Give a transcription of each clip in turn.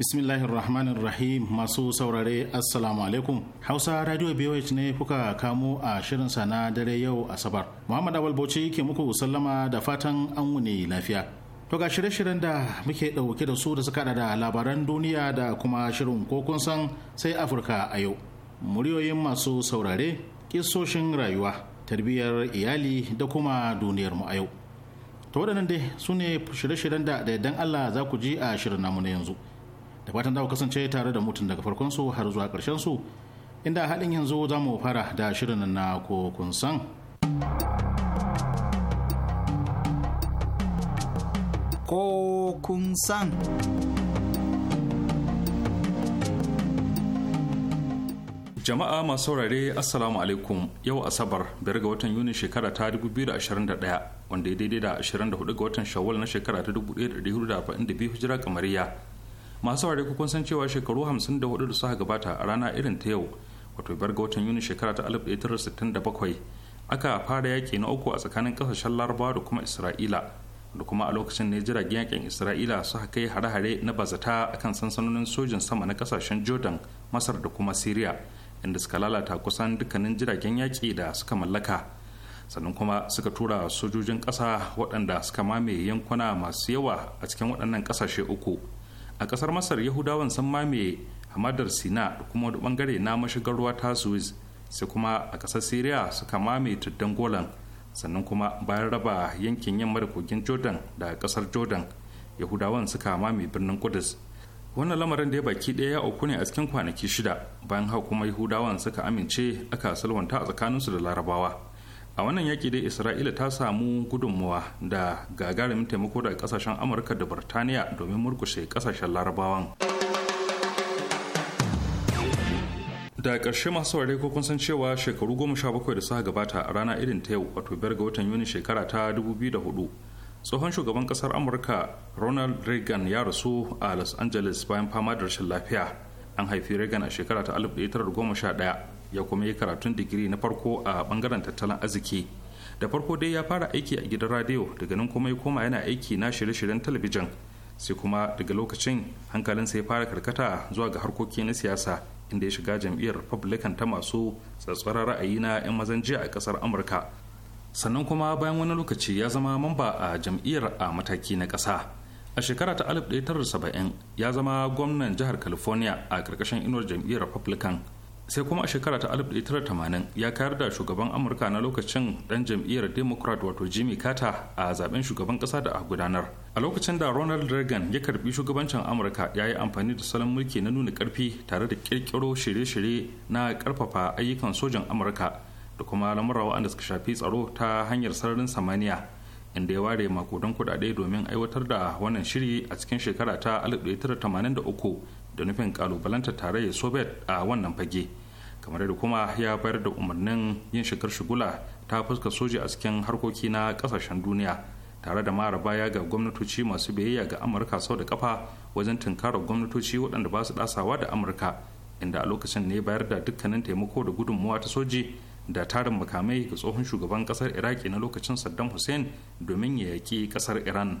Bismillahirrahmanirrahim masu saurare Assalamu alaikum. Hausa Radio BOH ne kuka kamo a shirin sa na dare yau Asabar. Muhammad Awal Bauchi ke muku sallama da fatan an wuni lafiya. To ga shirye-shiryen da muke ɗauke da su da suka da labaran duniya da kuma shirin ko san sai Afirka a yau. Muryoyin masu saurare, kisoshin rayuwa, tarbiyyar iyali da kuma duniyar mu a yau. To waɗannan dai su ne shirye-shiryen da da Allah za ku ji a shirin namu na yanzu. da fatan za ku kasance tare da mutum daga farkon su har zuwa ƙarshen su inda halin yanzu za mu fara da shirin na ko kun san ko kun san jama'a masu saurare assalamu alaikum yau asabar biyar ga watan yuni shekara ta 2021 wanda ya daidai da 24 ga watan shawwal na shekara ta 1442 hijira kamariya masu ware kun san cewa shekaru 54 da suka gabata a rana irin ta yau wato bar ga watan yuni shekara ta 1967 aka fara yaki na uku a tsakanin kasashen larabawa da kuma isra'ila da kuma a lokacin ne jiragen yakin isra'ila suka kai hare-hare na bazata akan sansanonin sojin sama na ƙasashen jordan masar da kuma syria inda suka lalata kusan dukkanin jiragen yaƙi da suka mallaka sannan kuma suka tura sojojin ƙasa waɗanda suka mamaye yankuna masu yawa a cikin waɗannan ƙasashe uku a kasar masar yahudawan sun mame hamadar sina da kuma wani bangare na mashigar ruwa ta suez sai kuma a kasar syria suka mame tuddan golan sannan kuma bayan raba yankin yamma da kogin jordan da kasar jordan yahudawan suka mame birnin kudus wannan lamarin da ya baki ɗaya ya auku ne a cikin kwanaki shida bayan haka kuma yahudawan suka amince aka salwanta a tsakaninsu da larabawa a wannan yaki dai isra'ila ta samu gudunmawa da gagarumin taimako daga kasashen amurka da birtaniya domin murkushe kasashen larabawan da ƙarshe masu saurare ko kun san cewa shekaru goma sha bakwai da suka gabata a rana irin ta yau wato biyar ga watan yuni shekara ta 2004 tsohon shugaban kasar amurka ronald reagan ya rasu a los angeles bayan fama da rashin lafiya an haifi reagan a shekara ta 1911 ya kuma yi karatun digiri na farko a bangaren tattalin arziki da farko dai ya fara aiki a gidan radio daga nan kuma ya koma yana aiki na shirye-shiryen talabijin sai kuma daga lokacin hankalinsa ya fara karkata zuwa ga harkoki na siyasa inda ya shiga jam'iyyar republican ta masu tsatsarar ra'ayi na 'yan mazan jiya a kasar amurka sannan kuma bayan wani lokaci ya zama mamba a jam'iyyar a mataki na kasa a shekara ta 1970 ya zama gwamnan jihar california a ƙarƙashin inuwar jam'iyyar republican sai kuma a shekara ta 1980 ya kayar da shugaban amurka na lokacin dan jam'iyyar democrat wato jimmy carter a zaben shugaban kasa da a gudanar a lokacin da ronald reagan ya karbi shugabancin amurka ya yi amfani da salon mulki na nuna karfi tare da kirkiro shirye-shirye na karfafa ayyukan sojan amurka da kuma lamura wa'anda suka shafi tsaro ta hanyar sararin samaniya inda ya ware makudan kudade domin aiwatar da wannan shiri a cikin shekara ta 1983 da nufin kalubalanta tarayyar soviet a wannan fage kamar yadda kuma ya bayar da umarnin yin shigar shigula ta fuska soji a cikin harkoki na kasashen duniya tare da mara baya ga gwamnatoci masu biyayya ga amurka sau da kafa wajen tunkarar gwamnatoci waɗanda ba su ɗasawa da amurka inda a lokacin ne bayar da dukkanin taimako da gudunmuwa ta soji da tarin makamai ga tsohon shugaban kasar iraki na lokacin saddam hussein domin ya yaƙi kasar iran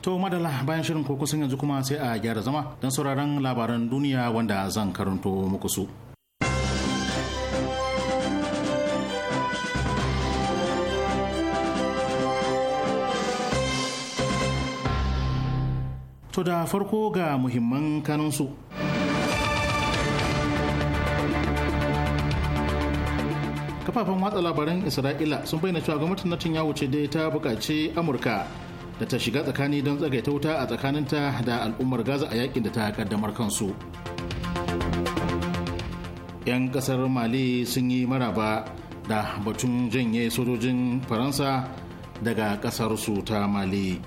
To madalla bayan shirin ko kusan yanzu kuma sai a gyara zama don sauraron labaran duniya wanda zan karanto muku su. To da farko ga muhimman kanunsu. Kafafen watsa labaran Isra'ila sun bayyana cewa gwamnatin Netanyahu ce dai ta buƙaci Amurka da ta shiga tsakani don tsagaita wuta a tsakaninta da al'ummar gaza a yakin da ta kaddamar kansu yan kasar mali sun yi maraba da batun janye sojojin faransa daga kasarsu ta mali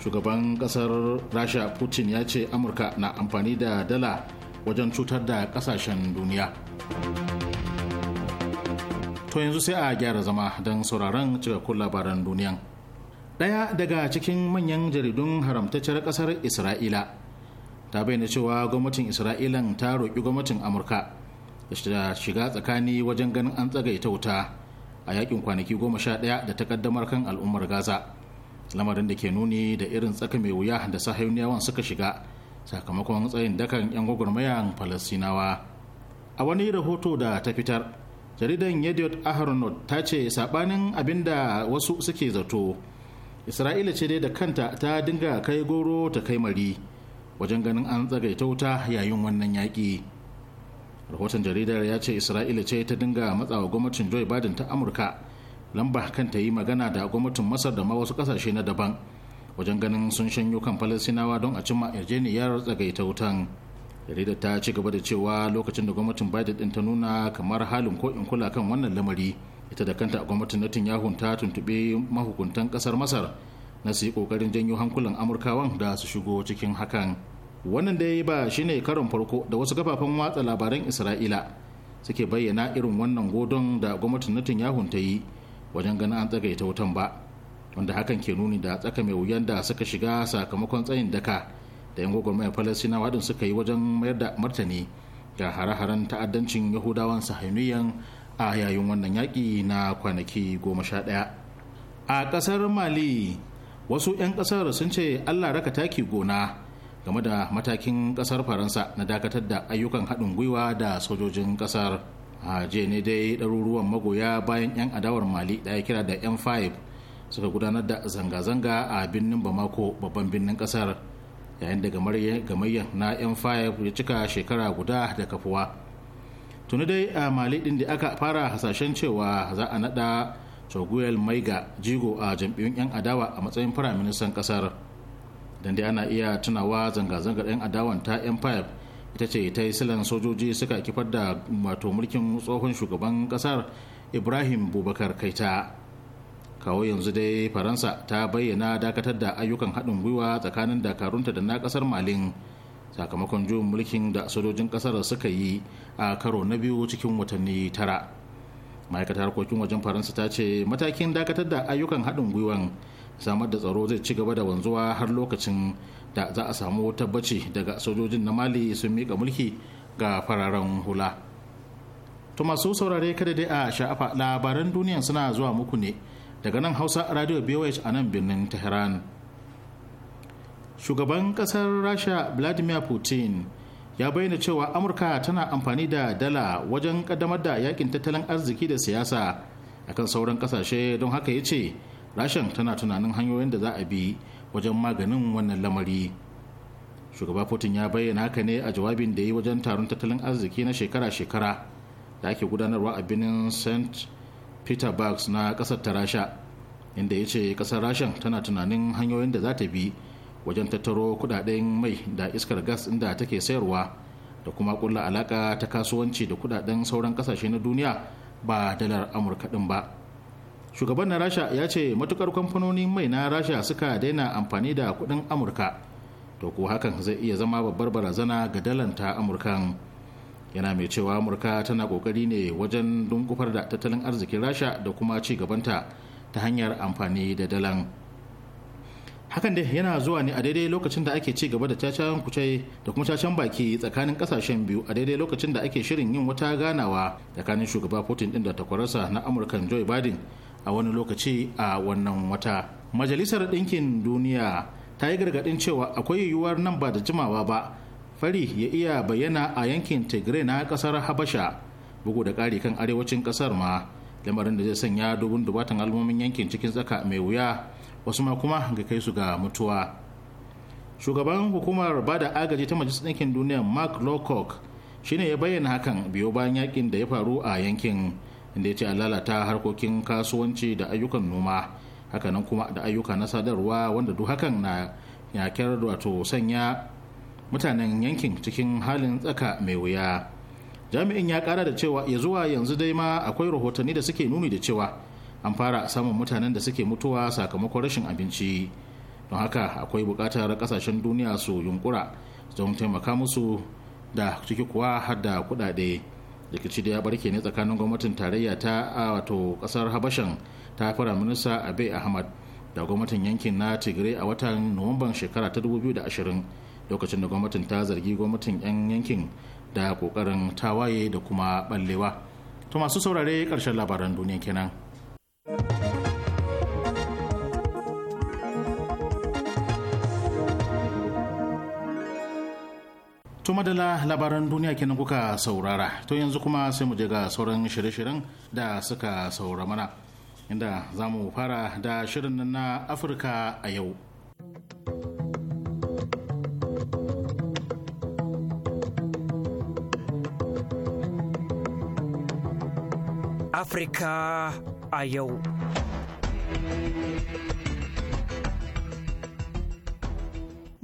shugaban kasar rasha putin ya ce amurka na amfani da dala wajen cutar da kasashen duniya to yanzu sai a gyara zama don sauraron cikakkun labaran duniya ɗaya daga cikin manyan jaridun haramtacciyar ƙasar isra'ila ta bayyana cewa gwamnatin isra'ilan ta roƙi gwamnatin amurka da shiga tsakani wajen ganin an tsagaita wuta a yakin kwanaki goma sha ɗaya da ta ƙaddamar kan al'ummar gaza lamarin da ke nuni da irin tsaka mai wuya da sahayuniyawan suka shiga sakamakon tsayin dakan 'yan gwagwarmayan falastinawa a wani rahoto da ta fitar jaridan yediot aharonot ta ce sabanin abin da wasu suke zato isra'ila ce dai da kanta ta dinga kai goro ta kai mari wajen ganin an tsagaita wuta yayin wannan yaƙi rahoton jaridar ya ce isra'ila ce ta dinga matsawa gwamnatin joe biden ta amurka lamba kan ta yi magana da gwamnatin masar da ma wasu kasashe na daban wajen ganin sun shanyo kan falasinawa don a cimma yarjeniyar tsagaita wutan jaridar ta ci gaba da cewa lokacin da gwamnatin biden din ta nuna kamar halin ko in kula kan wannan lamari ita da kanta gwamnatin netanyahu ta tuntuɓe mahukuntan ƙasar masar na su yi ƙoƙarin janyo hankulan amurkawan da su shigo cikin hakan wannan da dai ba shine karon farko da wasu kafafen watsa labaran isra'ila suke bayyana irin wannan godon da gwamnatin netanyahu ta yi wajen ganin an tsagaita wutan ba wanda hakan ke nuni da tsaka mai wuyan da suka shiga sakamakon tsayin daka da yan gwagwarmayar falasinawa din suka yi wajen mayar da martani ga hare-haren ta'addancin yahudawan sahiniyan a yayin wannan yaƙi na kwanaki goma sha ɗaya a ƙasar mali wasu 'yan ƙasar sun ce allah raka taki gona game da matakin ƙasar faransa na dakatar da ayyukan haɗin gwiwa da sojojin ƙasar a ne dai ɗaruruwan magoya bayan 'yan adawar mali ɗaya kira da m 5 suka gudanar da zanga-zanga a birnin bamako babban birnin ƙasar yayin da gamayyar na m5 ya cika shekara guda da kafuwa tuni dai a mali din da aka fara hasashen cewa za a nada choguel ga jigo a jam'iyyun 'yan adawa a matsayin firaministan kasar don dai ana iya tunawa zanga-zangar 'yan adawan ta empire ita ce ta yi silan sojoji suka kifar da wato mulkin tsohon shugaban kasar ibrahim bubakar kaita kawo yanzu dai faransa ta bayyana dakatar da ayyukan haɗin gwiwa tsakanin dakarunta da na kasar malin sakamakon juyin mulkin da sojojin kasar suka yi a karo na biyu cikin watanni tara ma'aikatar harkokin wajen faransa ta ce matakin dakatar da ayyukan haɗin gwiwan samar da tsaro zai ci gaba da wanzuwa har lokacin da za a samu tabbaci daga sojojin na mali sun miƙa mulki ga fararen hula to masu saurare kada dai a sha'afa labaran duniya suna zuwa muku ne daga nan hausa radio bwh a nan birnin tehran shugaban kasar rasha vladimir putin ya bayyana cewa amurka tana amfani da dala wajen kaddamar da yakin tattalin arziki da siyasa akan sauran kasashe don haka ya ce rashin tana tunanin hanyoyin da za a bi wajen maganin wannan lamari shugaba putin ya bayyana haka ne a jawabin da ya yi wajen taron tattalin arziki na shekara-shekara da ake gudanarwa a birnin st petersburg na kasar ta rasha inda ya ce kasar rashin tana tunanin hanyoyin da za ta bi wajen tattaro kudaden mai da iskar gas inda take sayarwa da kuma kulla alaka ta kasuwanci da kudaden sauran kasashe na duniya ba dalar amurka din ba shugaban na rasha ya ce matukar kamfanonin mai na rasha suka daina amfani da kudin amurka to ko hakan zai iya zama babbar barazana ga dalanta amurkan yana mai cewa amurka tana kokari ne wajen dunkufar da tattalin arzikin rasha da kuma ci gabanta ta hanyar amfani da dalan hakan dai yana zuwa ne a daidai lokacin da ake ci gaba da cacayen kuce da kuma cacen baki tsakanin kasashen biyu a daidai lokacin da ake shirin yin wata ganawa tsakanin shugaba putin din da takwararsa na amurkan joe biden a wani lokaci a wannan wata majalisar ɗinkin duniya ta yi gargaɗin cewa akwai yiwuwar nan ba da jimawa ba fari ya iya bayyana a yankin tigray na ƙasar habasha bugu da ƙari kan arewacin ƙasar ma lamarin da zai sanya dubun dubatan almomin yankin cikin tsaka mai wuya wasu ma kuma ga kai su ga mutuwa shugaban hukumar ba da agaji ta majalisar ɗinkin duniya mark lowcock shine ya bayyana hakan biyo bayan yakin da ya faru a yankin inda ya ce a lalata harkokin kasuwanci da ayyukan noma hakanan kuma da ayyuka na sadarwa wanda duk hakan na yakar wato sanya mutanen yankin cikin halin tsaka mai wuya jami'in ya kara da cewa ya zuwa yanzu dai ma akwai rahotanni da suke nuni da cewa an fara samun mutanen da suke mutuwa sakamakon rashin abinci don haka akwai bukatar ƙasashen duniya su yunkura don taimaka musu da ciki kuwa har da kuɗaɗe rikici da ya barke ne tsakanin gwamnatin tarayya ta wato ƙasar habashan ta fara minista abe ahmad da gwamnatin yankin na tigray a watan nuwamban shekara ta 2020 lokacin da gwamnatin ta zargi gwamnatin 'yan yankin da kokarin tawaye da kuma ballewa to masu saurare karshen labaran duniya kenan. To madala labaran duniya kenan kuka saurara. To yanzu kuma sai mu je ga sauran shirye-shiryen da suka saura mana. Inda za mu fara da shirin na Afirka a yau. Afirka a yau.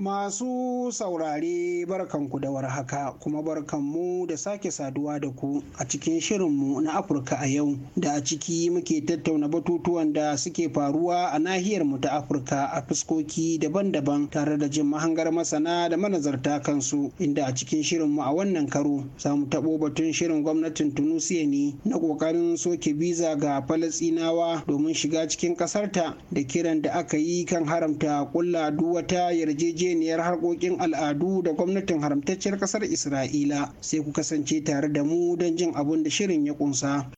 Masu saurare barkanku da warhaka kuma barkanmu da sake saduwa da ku a cikin shirinmu na Afirka a yau da a ciki muke tattauna batutuwan da suke faruwa a nahiyar mu ta Afirka a fuskoki daban-daban tare da jin mahangar masana da manazarta kansu inda a cikin shirinmu a wannan karo za mu taɓo batun shirin gwamnatin Tunusiya ne na ƙoƙarin soke biza ga Falasɗinawa domin shiga cikin ƙasarta da kiran da aka yi kan haramta ƙulla duwata, wata yarjejeniya majeniyar harkokin al'adu da gwamnatin haramtacciyar kasar isra'ila sai ku kasance tare da mu don jin abin da shirin ya kunsa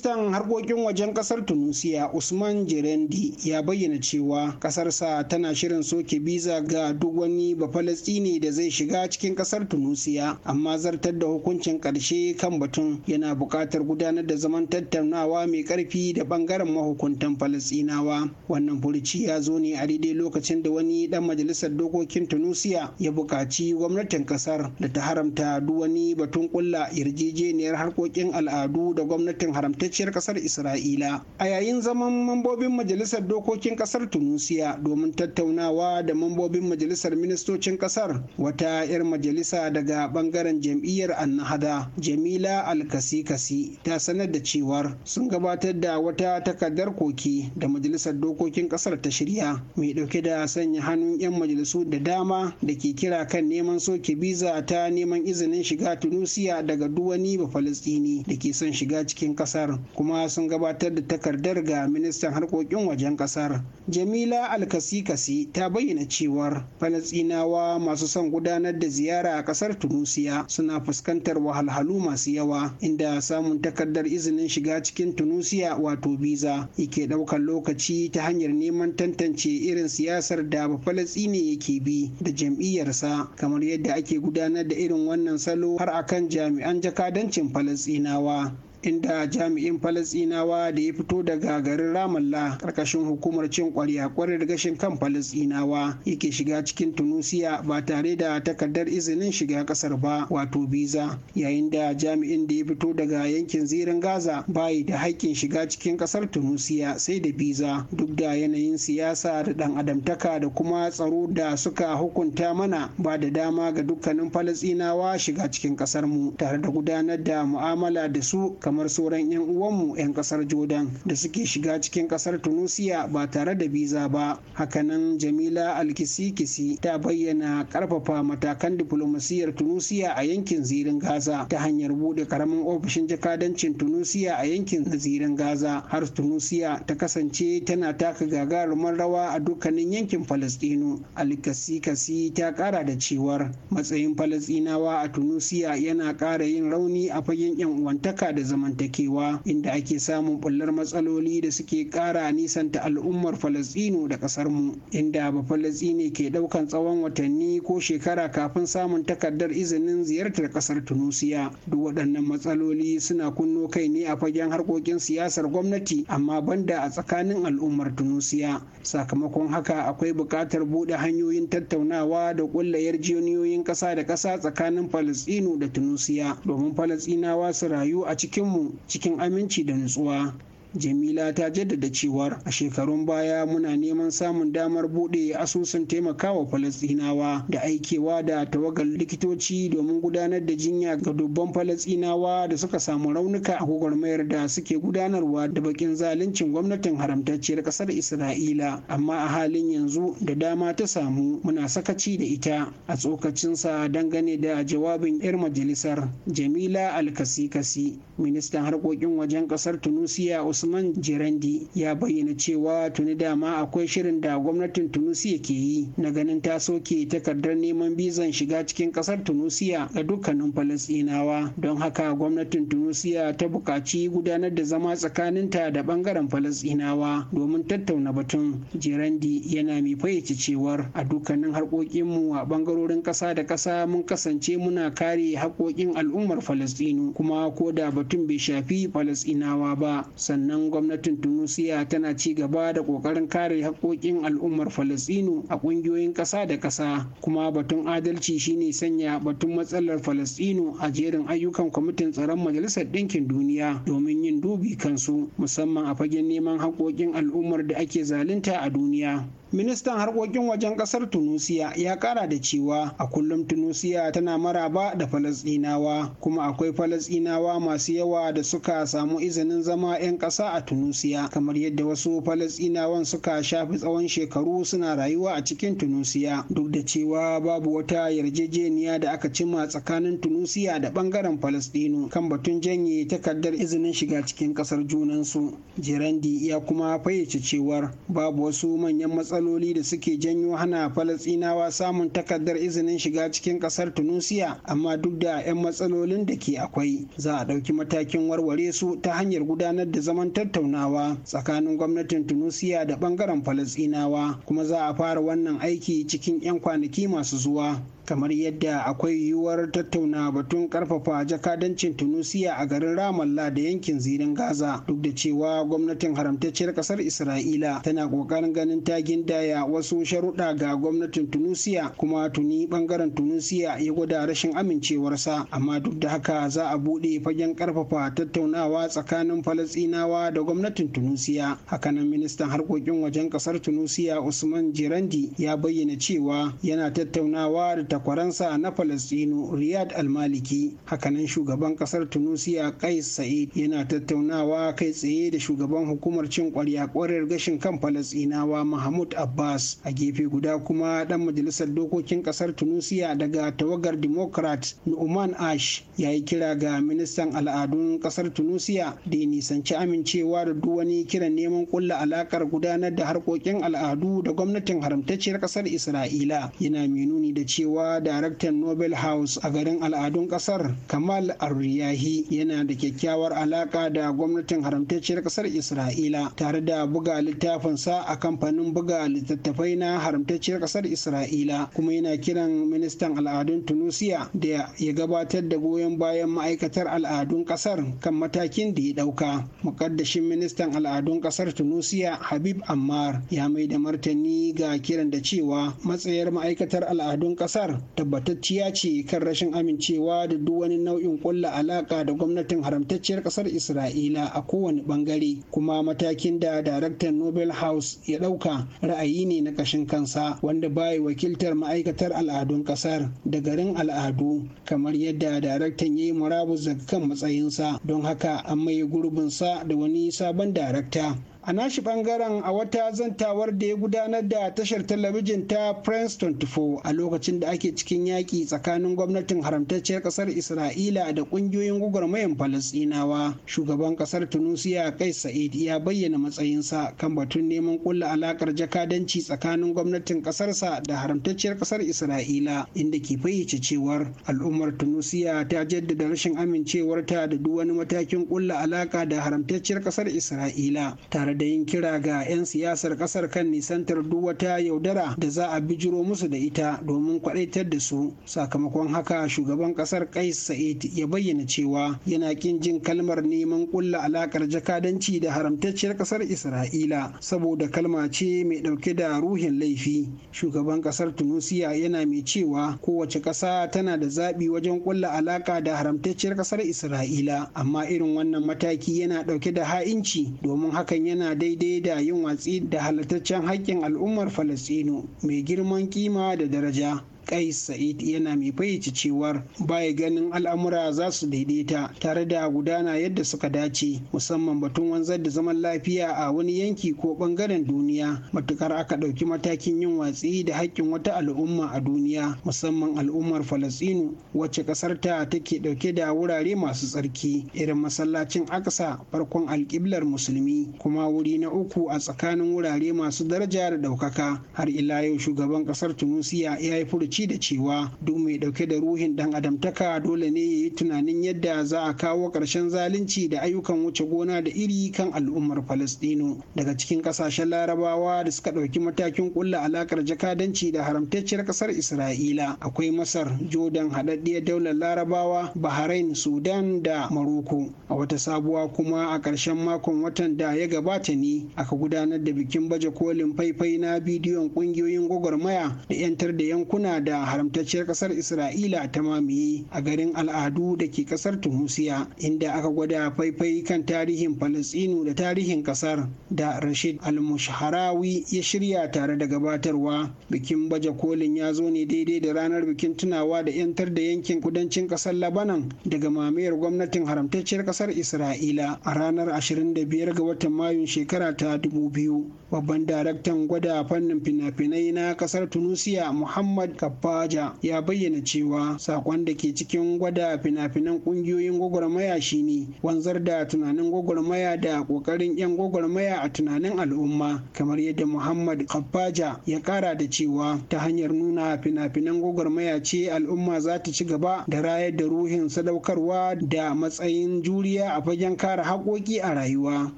ministan harkokin wajen kasar tunisia usman jerendi ya bayyana cewa kasarsa tana shirin soke biza ga duk wani bafalastini da zai shiga cikin kasar tunisia amma zartar da hukuncin karshe kan batun yana buƙatar gudanar da zaman tattaunawa mai ƙarfi da bangaren mahukuntan falastinawa wannan furuci ya zo ne a daidai lokacin da wani ɗan majalisar dokokin tunisia ya buƙaci gwamnatin kasar da ta haramta duk wani batun ƙulla yarjejeniyar harkokin al'adu da gwamnatin haramta haramtacciyar kasar isra'ila a yayin zaman mambobin majalisar dokokin kasar tunisia domin tattaunawa da mambobin majalisar ministocin kasar wata 'yar majalisa daga bangaren jam'iyyar annahada jamila alkasikasi ta sanar da cewar sun gabatar da wata takardar koki da majalisar dokokin kasar ta shirya mai dauke da sanya hannun 'yan majalisu da dama da ke kira kan neman soke biza ta neman izinin shiga tunisia daga duwani ba falastini da ke son shiga cikin kasar kuma sun gabatar da takardar ga ministan harkokin wajen kasar jamila alkasikasi ta bayyana cewar falasinawa masu son gudanar da ziyara a kasar tunusiya suna fuskantar wahalhalu masu yawa inda samun takardar izinin shiga cikin tunusiya wato biza yake ɗaukar lokaci ta hanyar neman tantance irin siyasar da Falasini yake bi da jam'iyyarsa kamar yadda ake gudanar da irin wannan salo har akan jami'an jakadancin falasinawa inda jami'in falasinawa da ya fito daga garin ramallah karkashin hukumar cin kwarya kwarar gashin kan falasinawa yake shiga cikin tunusiya ba tare da takardar izinin shiga kasar ba wato biza yayin da jami'in da ya fito daga yankin zirin gaza bayi da haƙƙin shiga cikin kasar tunusiya sai da biza duk da yanayin siyasa da dan adamtaka da kuma tsaro da suka hukunta mana ba da dama ga dukkanin falasinawa shiga cikin kasar mu tare da gudanar da mu'amala da su kamar sauran 'yan uwanmu 'yan kasar jordan da suke shiga cikin kasar tunisia ba tare da biza ba hakanan jamila alkisi-kisi ta bayyana karfafa matakan diflomasiyyar tunisia a yankin zirin gaza ta hanyar bude karamin ofishin jakadancin tunisia a yankin zirin gaza har tunisia ta kasance tana taka gagarumar rawa a dukkanin yankin falastinu alkisi-kasi ta kara da cewar matsayin falastinawa a tunisia yana kara yin rauni a fagen 'yan uwantaka da zama zamantakewa inda ake samun bullar matsaloli da suke ƙara nisanta al'ummar falastino da ƙasarmu inda ba falastine ke ɗaukan tsawon watanni ko shekara kafin samun takardar izinin ziyartar ƙasar tunusiya duk waɗannan matsaloli suna kunno kai ne a fagen harkokin siyasar gwamnati amma banda a tsakanin al'ummar tunusiya sakamakon haka akwai buƙatar buɗe hanyoyin tattaunawa da ƙulla yarjejeniyoyin ƙasa da ƙasa tsakanin falastino da tunusiya domin falastinawa su rayu a cikin mu cikin aminci da nutsuwa jamila ta jaddada cewar a shekarun baya muna neman samun damar bude asusun taimakawa falasɗinawa da aikewa da tawagar likitoci domin gudanar da jinya ga dubban falastinawa da suka samu raunuka a gwagwarmayar da suke gudanarwa da bakin zaluncin gwamnatin haramtacciyar ƙasar isra'ila amma a halin yanzu da dama ta samu muna sakaci da ita a tsokacinsa dangane da jawabin 'yar majalisar jamila alkasi-kasi ministan harkokin wajen ƙasar tunusiya usman jirandi ya bayyana cewa tuni dama akwai shirin da gwamnatin tunisia ke yi na ganin ta soke takardar neman bizan shiga cikin kasar tunisia ga dukkanin falasɗinawa don haka gwamnatin tunisia ta buƙaci gudanar da zama tsakanin ta da ɓangaren falasɗinawa domin tattauna batun jirandi yana mai fayyace cewar a dukkanin harkokinmu a ɓangarorin ƙasa da ƙasa mun kasance muna kare haƙoƙin al'ummar falasɗinu kuma ko da batun bai shafi falasɗinawa ba sannan sannan gwamnatin Tunisiya tana ci gaba da kokarin kare haƙoƙin al'ummar falastinu a ƙungiyoyin ƙasa da ƙasa kuma batun adalci shine sanya batun matsalar falastinu a jerin ayyukan kwamitin tsaron majalisar ɗinkin duniya domin yin dubi kansu musamman a fagen neman haƙoƙin al'ummar da ake zalunta a duniya ministan harkokin wajen kasar tunisia ya kara da cewa a kullum tunisia tana maraba da falasdinawa kuma akwai falasdinawa masu yawa da suka samu izinin zama 'yan ƙasa a tunisia kamar yadda wasu falasdinawan suka shafi tsawon shekaru suna rayuwa a cikin tunisia duk da cewa babu wata yarjejeniya da aka cima tsakanin tunisia da bangaren falasdinu kan batun janye takardar izinin shiga cikin kasar junansu Jirandi ya kuma fayyace cewar babu wasu manyan matsaloli matsaloli da suke janyo hana falasinawa samun takardar izinin shiga cikin kasar tunisia amma duk da 'yan matsalolin da ke akwai za a ɗauki matakin warware su ta hanyar gudanar da zaman tattaunawa tsakanin gwamnatin tunisia da ɓangaren falasinawa kuma za a fara wannan aiki cikin 'yan kwanaki masu zuwa kamar yadda akwai yiwuwar tattauna batun karfafa jakadancin tunisia a garin ramallah da yankin zirin gaza duk da cewa gwamnatin haramtacciyar kasar isra'ila tana kokarin ganin ta gindaya wasu sharuɗa ga gwamnatin tunisia kuma tuni bangaren tunisia ya gwada rashin amincewarsa amma duk da haka za a buɗe fagen karfafa tattaunawa tsakanin falasinawa da gwamnatin tunisia hakanan ministan harkokin wajen kasar tunisia usman jirandi ya bayyana cewa yana tattaunawa da takwaransa na Falastinu Riyad Almaliki. Hakanan shugaban kasar Tunusiya Kais Sa'id yana tattaunawa kai tsaye da shugaban hukumar cin kwarya kwarar gashin kan Falastinawa Mahmud Abbas. A gefe guda kuma dan majalisar dokokin kasar Tunusiya daga tawagar Democrat Nu'man Ash ya yi kira ga ministan al'adun kasar Tunusiya da ya nisanci amincewa da duk wani kiran neman kulla alakar gudanar da harkokin al'adu da gwamnatin haramtacciyar kasar Isra'ila yana mai nuni da cewa cewa daraktan nobel house a garin al'adun kasar kamal arriyahi yana da kyakkyawar alaka da gwamnatin haramtacciyar kasar isra'ila tare da buga littafinsa a kamfanin buga littattafai na haramtacciyar kasar isra'ila kuma yana kiran ministan al'adun tunisia da ya gabatar da goyon bayan ma'aikatar al'adun kasar kan matakin da ya dauka mukaddashin ministan al'adun kasar tunisia habib ammar ya mai da martani ga kiran da cewa matsayar ma'aikatar al'adun kasar kasar tabbatacciya ce kan rashin amincewa da duk wani nau'in kulla alaka da gwamnatin haramtacciyar kasar isra'ila a kowane bangare kuma matakin da daraktan nobel house ya ɗauka ra'ayi ne na ƙashin kansa wanda baya wakiltar ma'aikatar al'adun kasar da garin al'adu kamar yadda daraktan ya yi murabus daga kan matsayinsa don haka an maye gurbinsa da wani sabon darakta a nashi bangaren a wata zantawar da ya gudanar da tashar talabijin ta prince 24 a lokacin da ake cikin yaƙi tsakanin gwamnatin haramtacciyar ƙasar isra'ila da ƙungiyoyin gwagwarmayan falasɗinawa shugaban ƙasar tunisia kai sa'id ya bayyana matsayinsa kan batun neman ƙulla alaƙar jakadanci tsakanin gwamnatin ƙasarsa da haramtacciyar ƙasar isra'ila inda ke fayyace cewar al'ummar tunisia ta jaddada rashin amincewarta da duk wani matakin ƙulla alaƙa da haramtacciyar ƙasar isra'ila tare tare da yin kira ga 'yan siyasar kasar kan nisantar duk wata yaudara da za a bijiro musu da ita domin kwadaitar da su sakamakon haka shugaban kasar kais sa'id ya bayyana cewa yana kin jin kalmar neman kulla alakar jakadanci da haramtacciyar kasar isra'ila saboda kalma ce mai dauke da ruhin laifi shugaban kasar tunisia yana mai cewa kowace kasa tana da zaɓi wajen kulla alaka da haramtacciyar kasar isra'ila amma irin wannan mataki yana dauke da ha'inci domin hakan yana yana daidai da yin watsi da halittaccen haƙƙin al'ummar falasino mai girman kima da daraja Kais Said yana mai fahimci cewar baya ganin al'amura za su daidaita tare da gudana yadda suka dace musamman batun wanzar da zaman lafiya a wani yanki ko bangaren duniya matukar aka ɗauki matakin yin watsi da haƙƙin wata al'umma a duniya musamman al'ummar Falasinu wacce ƙasar ta take ɗauke da wurare masu tsarki irin masallacin Aksa farkon alƙiblar musulmi kuma wuri na uku a tsakanin wurare masu daraja da ɗaukaka har ila yau shugaban ƙasar Tunisia ya yi furuci shi da cewa duk mai dauke da ruhin dan adamtaka dole ne ya yi tunanin yadda za a kawo ƙarshen zalunci da ayyukan wuce gona da iri kan al'ummar falastino daga cikin ƙasashen larabawa da suka ɗauki matakin ƙulla alaƙar jakadanci da haramtacciyar ƙasar isra'ila akwai masar jordan haɗaɗɗiyar daular larabawa bahrain sudan da maroko a wata sabuwa kuma a ƙarshen makon watan da ya gabata ne aka gudanar da bikin baje kolin faifai na bidiyon ƙungiyoyin gwagwarmaya da 'yantar da yankuna da haramtacciyar kasar isra'ila ta mamaye a garin al'adu da ke kasar tunisia inda aka gwada faifai kan tarihin falastinu da tarihin kasar da rashid al-musharawi ya shirya tare da gabatarwa bikin baje kolin ya zo ne daidai da ranar bikin tunawa da 'yantar da yankin kudancin kasar labanan daga mamayar gwamnatin haramtacciyar kasar isra'ila a ranar 25 ga watan mayun shekara ta 2000 babban daraktan gwada fannin fina-finai na kasar tunisia muhammad kafaja ya bayyana cewa sakon da ke cikin gwada fina-finan kungiyoyin gwagwarmaya shine wanzar da tunanin gwagwarmaya da kokarin yan gwagwarmaya a tunanin al'umma kamar yadda muhammad kafaja ya kara da cewa ta hanyar nuna fina-finan gwagwarmaya ce al'umma za ta ci gaba da rayar da ruhin sadaukarwa da matsayin juriya a fagen kare haƙoƙi a rayuwa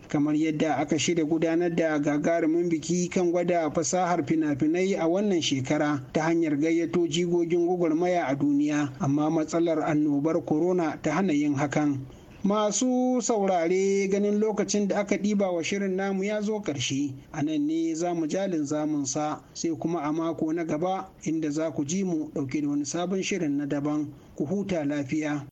kamar yadda aka shirya gudanar da gagar gagarumin biki kan gwada fasahar fina-finai a wannan shekara ta hanyar gayyato jigogin gwagwarmaya a duniya amma matsalar annobar corona ta hana yin hakan masu saurare ganin lokacin da aka ɗiba wa shirin namu ya zo ƙarshe a nan ne za mu jalin zamunsa sai kuma a mako na gaba inda za ku ji mu ɗauke da wani sabon shirin na daban ku huta lafiya.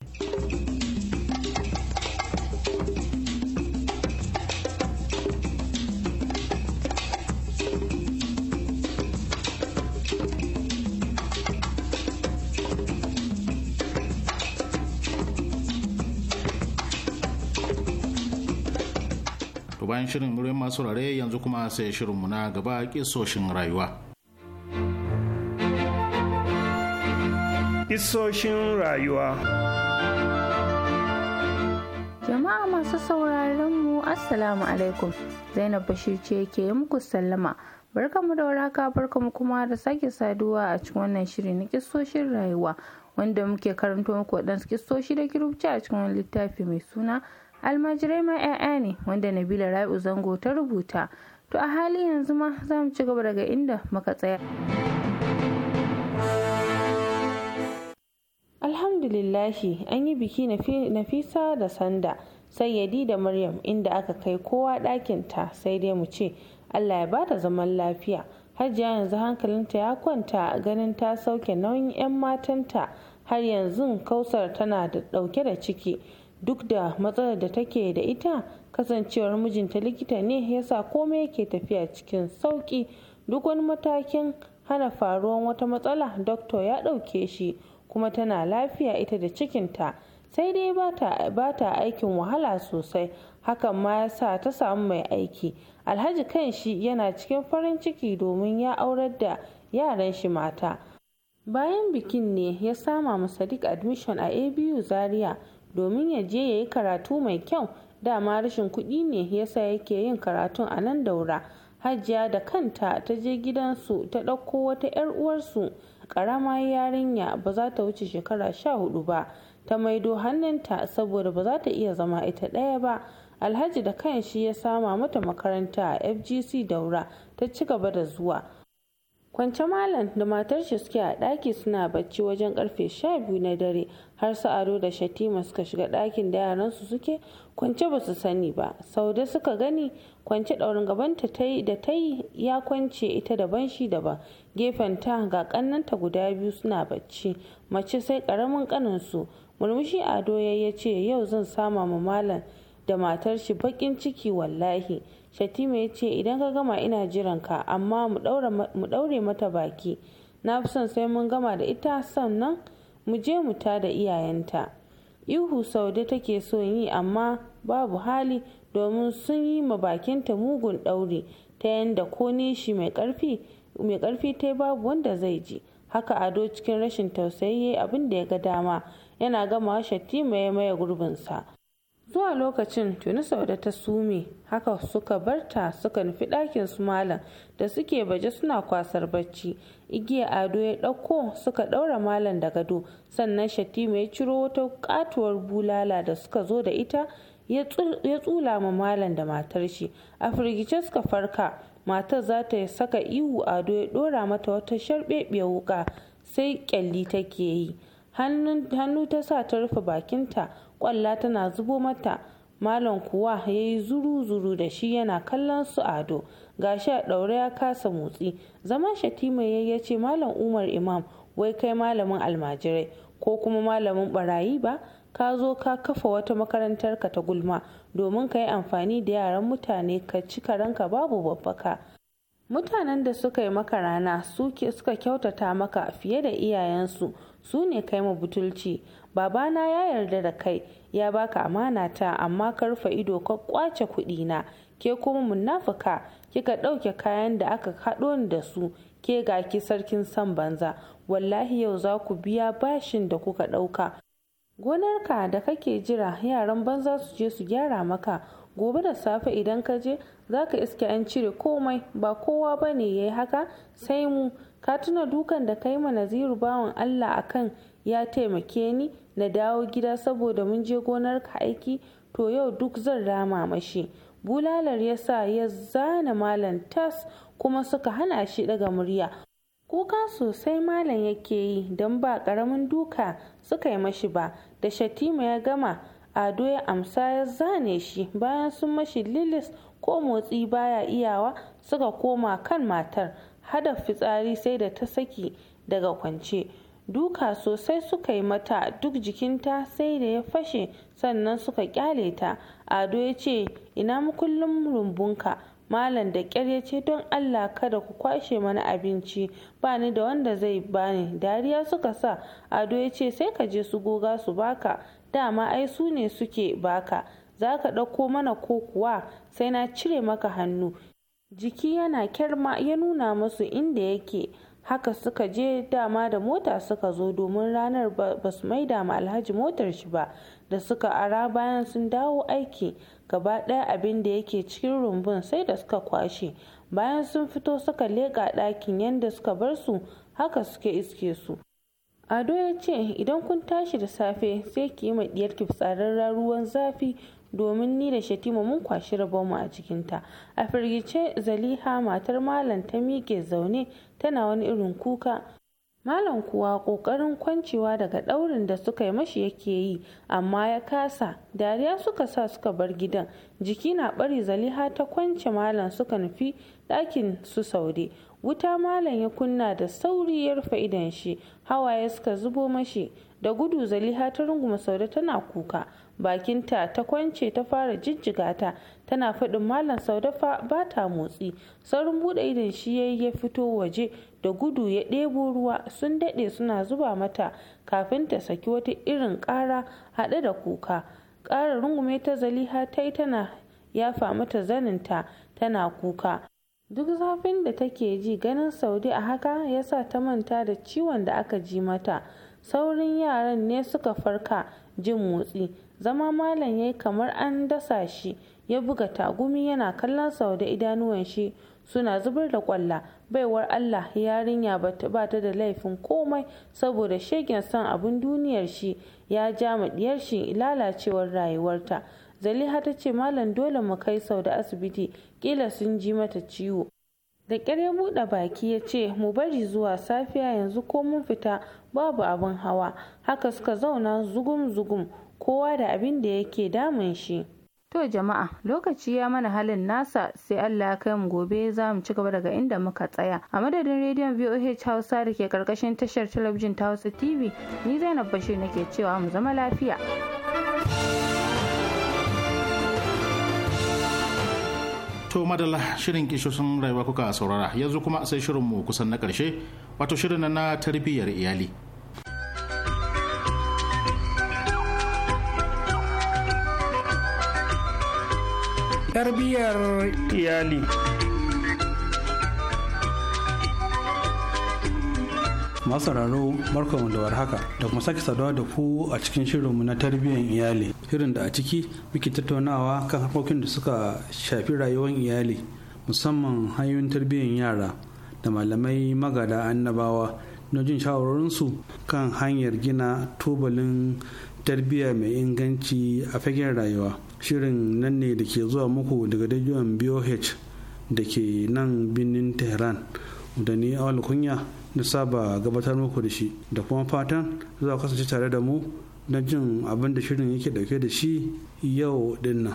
bayan shirin murin masu rare yanzu kuma sai shirinmu na gaba kisoshin rayuwa. Kisoshin rayuwa Jama'a masu sauraron mu Assalamu alaikum Zainab Bashir ce ke muku sallama. Barkamu da waraka barkamu kuma da sake saduwa a cikin wannan shiri na kisoshin rayuwa wanda muke karanto muku waɗansu kisoshi da kirubci a cikin wani littafi mai suna almajirai ma 'ya'ya ne wanda nabila rabi'u zango ta rubuta to a hali yanzu ma za mu ci gaba daga inda muka tsaya alhamdulillahi an yi biki nafisa da sanda sayyadi da maryam inda aka kai kowa ɗakinta sai dai mu ce allah ya bata zaman lafiya hajiya yanzu hankalinta ya kwanta ganin ta sauke nauyin 'yan matanta har yanzu kausar tana da ɗauke da ciki duk da matsalar da take da ita kasancewar mijinta likita ne yasa komai ke tafiya cikin sauki duk wani matakin hana faruwan wata matsala doktor ya ɗauke shi kuma tana lafiya ita da cikinta sai dai ba ta aikin wahala sosai hakan ma ya sa ta samu mai aiki alhaji kanshi yana cikin farin ciki domin ya aurar da yaran shi mata bayan bikin ne ya sama ma Sadiq admission a abu zaria domin ya je ya yi karatu mai kyau dama rashin kuɗi ne yasa yake yin karatun a nan daura hajiya da kanta ta je gidansu ta ɗauko wata 'yar uwarsu ƙarama yarinya ba za ta wuce shekara sha hudu ba ta maido hannunta saboda ba za ta iya zama ita ɗaya ba alhaji da kanshi ya sama mata makaranta a fgc daura ta ci gaba da zuwa kwance malam da matar shi suke a ɗaki suna bacci wajen karfe sha biyu na dare har su ado da shatima suka shiga ɗakin da yaran su suke kwance ba su sani ba da suka gani kwance ɗaurin gabanta da ta ya kwance ita daban shi daban gefen ta ga ta guda biyu suna bacci mace sai ƙaramin su murmushi ado ya ce yau zan sama ma malam da matar shi bakin ciki wallahi shatima ya ce idan ka gama ina jiran ka amma mu ɗaure mata baki na fi son sai mun gama da ita sannan mu je mu ta da iyayenta ihu saude take so yi amma babu hali domin sun yi ma bakinta mugun ɗauri ta yadda ko nishi mai ƙarfi ta babu wanda zai ji haka ado cikin rashin tausayi abin da ya ga dama yana gama shatima ya maye gurbinsa zuwa lokacin tuni da ta sume haka suka barta suka nufi ɗakin su malam da suke baje suna kwasar bacci igiya ado ya ɗauko suka ɗaura malam da gado sannan shatima ya ciro wata ƙatuwar bulala da suka zo da ita ya tsula ma malam da matar shi a firgice suka farka matar za ta saka ihu ado ya ɗora mata wata sharɓeɓe wuka sai ƙyalli take yi hannu ta sa ta rufe bakinta kwalla tana zubo mata malam kuwa ya yi zuru-zuru da shi yana kallon su ado gashi a ɗaure ya kasa motsi zaman shatima ya ce malam umar imam wai kai malamin almajirai ko kuma malamin barayi ba ka zo ka kafa wata makarantar ka ta gulma domin ka yi amfani da yaran mutane ka ci karanka babu babbaka mutanen da suka yi maka rana suka kyautata maka fiye da iyayensu su ne kai ma butulci babana ya yarda da kai ya baka amana ta amma ka rufe ido ka kwace kuɗi na ke kuma munafuka kika ɗauke kayan da aka haɗo ni da su ke ga ki sarkin san banza wallahi yau za ku biya bashin da kuka ɗauka gonarka da kake jira yaran banza su je su gyara maka gobe da safe idan ka je za ka iske an cire komai ba kowa ba ne ya yi haka sai mu ka tuna dukan da kai ma naziru bawan allah akan ya taimake ni na dawo gida saboda mun je gonar ka aiki to yau duk zan rama mashi bulalar ya sa ya zana malam tas kuma suka hana shi daga murya kuka sosai malam yake yi don ba karamin duka suka yi mashi ba da shatima ya gama ado ya amsa ya zane shi bayan sun mashi lilis ko motsi baya iyawa suka koma kan matar hada fitsari sai da ta saki daga kwance duka sosai suka yi mata duk jikinta sai da ya fashe sannan suka kyale ta ado ya ce ina mukullin rumbunka malam da ƙyar ya ce don allah kada ku kwashe mana abinci ba ni da wanda zai bani dariya suka sa ado ya ce sai ka je su goga su baka dama ai su ne suke baka za ka ɗauko mana ko kuwa sai na cire maka hannu jiki yana kyar ma ya nuna masu inda yake haka suka je dama da mota suka zo domin ranar ba su maida ma alhaji motar shi ba da suka ara bayan sun dawo aiki gaba ɗaya abin da yake cikin rumbun sai da suka kwashe bayan sun fito suka leƙa ɗakin yadda suka bar su haka suke iske su ado ya ce idan kun tashi da safe sai ki yi ma diyarki fitsararren ruwan zafi domin ni da shatima mun kwashi rabonmu a cikinta a firgice zaliha matar malam ta miƙe zaune tana wani irin kuka malam kuwa ƙoƙarin kwancewa daga ɗaurin da suka yi mashi yake yi amma ya kasa dariya suka sa suka bar gidan jiki na bari zaliha ta kwance malam suka nufi ɗakin su saude wuta malam ya kunna da sauri ya rufe idan shi hawaye suka zubo mashi da gudu zaliha ta runguma saude tana kuka bakinta ta kwance ta fara jijjiga ta tana faɗin malam saudafa ba ta motsi saurin buɗe idan shi yayi ya fito waje da gudu ya ɗebo ruwa sun daɗe suna zuba mata kafin ta saki wata irin ƙara haɗe da kuka ƙara rungume ta zaliha ta yi tana yafa mata zanin ta tana kuka duk zafin da take ji ganin saudi a haka ya sa ta manta da ciwon da aka ji mata saurin yaran ne suka farka jin motsi zama malam yayi kamar an dasa shi ya buga tagumi yana kallon sau da idanuwan shi suna zubar da kwalla baiwar allah yarinya ba ta da laifin komai saboda shegen son abin duniyar shi ya ja maɗiyar shi lalacewar rayuwarta zaliha ta ce malam dole mu kai sau da asibiti kila sun ji mata ciwo da ƙyar ya buɗe baki ya ce mu bari zuwa safiya yanzu ko mun fita babu abin hawa haka suka zauna zugum zugum kowa da abin da yake damun shi to jama'a lokaci ya mana halin nasa sai allah ya kai mu gobe za mu ci gaba daga inda muka tsaya a madadin rediyon voh hausa da ke karkashin tashar talabijin ta hausa tv ni zainab bashir nake cewa mu zama lafiya To madalla shirin kishoshin rayuwa kuka saurara yanzu kuma sai shirinmu kusan na karshe wato shirin na tarbiyyar iyali. tarbiyyar iyali masararo barkamu da warhaka da kuma sake saduwa da ku a cikin shirinmu na tarbiyyar iyali shirin da a ciki muke tattaunawa kan harkokin da suka shafi rayuwar iyali musamman hanyoyin tarbiyyar yara da malamai magada annabawa na jin shawarorinsu kan hanyar gina tubalin tarbiyya mai inganci a fagen rayuwa shirin nan ne da ke zuwa muku daga dajiyon boh da ke nan birnin tehran da ni awal kunya na saba gabatar muku da shi da kuma fatan za kasance tare da mu don jin abin da shirin yake dauke da shi yau din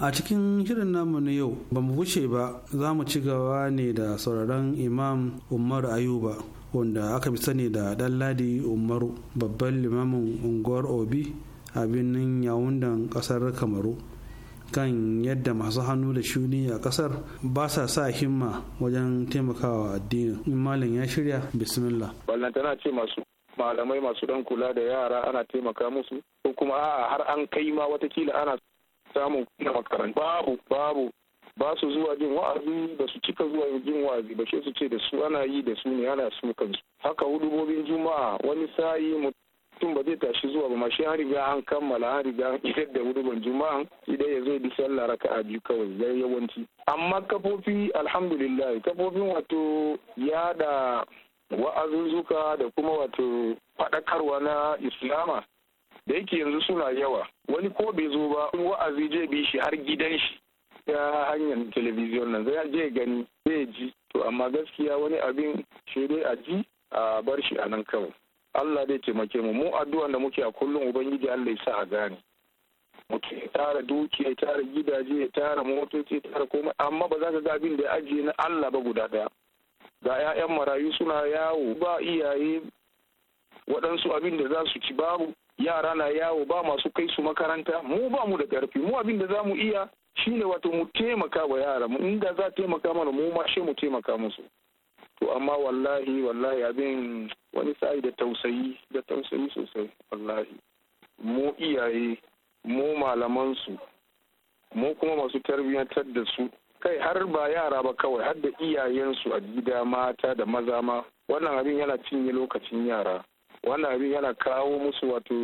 a cikin shirin namu na yau ba mu ba za mu ci gaba ne da sauraron imam umar ayuba wanda aka fi sani da dan ladi umaru babban limamin unguwar obi a birnin yawundan kasar kamaru kan yadda masu hannu da shuni a kasar ba sa sa himma wajen taimakawa addinin in malam ya shirya bismillah wannan tana ce masu malamai masu dan kula da yara ana taimaka musu ko kuma a'a har an kai ma watakila ana samun makaranta babu babu ba su zuwa jin wa'azi ba su cika zuwa jin wa'azi ba ke su ce da su ana yi da su ne ana su kansu haka hudubobin juma'a wani sa'i mutum ba zai tashi zuwa ba mashi an riga an kammala an riga an isar da huduban juma'a idan ya zai bi sallah a biyu kawai zai yawanci amma kafofi alhamdulillah kafofin wato yada zuka da kuma wato faɗakarwa na islama da yake yanzu suna yawa wani ko bai zo ba wa'azi zai bi shi har gidan shi gaskiya hanyar telebijiyon nan zai je gani zai ji to amma gaskiya wani abin shi a ji a bar shi a nan kawai Allah zai taimake mu mu addu'a da muke a kullum ubangiji Allah ya sa a gane mutum ya tara dukiya ya tara gidaje ya tara motoci ya tara komai amma ba za ka ga abin da ya ajiye na Allah ba guda daya ga 'ya'yan marayu suna yawo ba iyaye waɗansu abin da za su ci babu yara na yawo ba masu kai su makaranta mu ba mu da ƙarfi mu abin da za mu iya shine wato mu taimaka wa yara mu inda za taimaka mana mu ma mu taimaka musu to amma wallahi wallahi abin wani sa'i da tausayi da tausayi sosai wallahi mu iyaye mu malaman su mu kuma masu tarbiyyantar da su kai har ba yara ba kawai har da iyayensu a gida mata da maza ma wannan abin yana cinye lokacin yara wannan abin yana kawo musu wato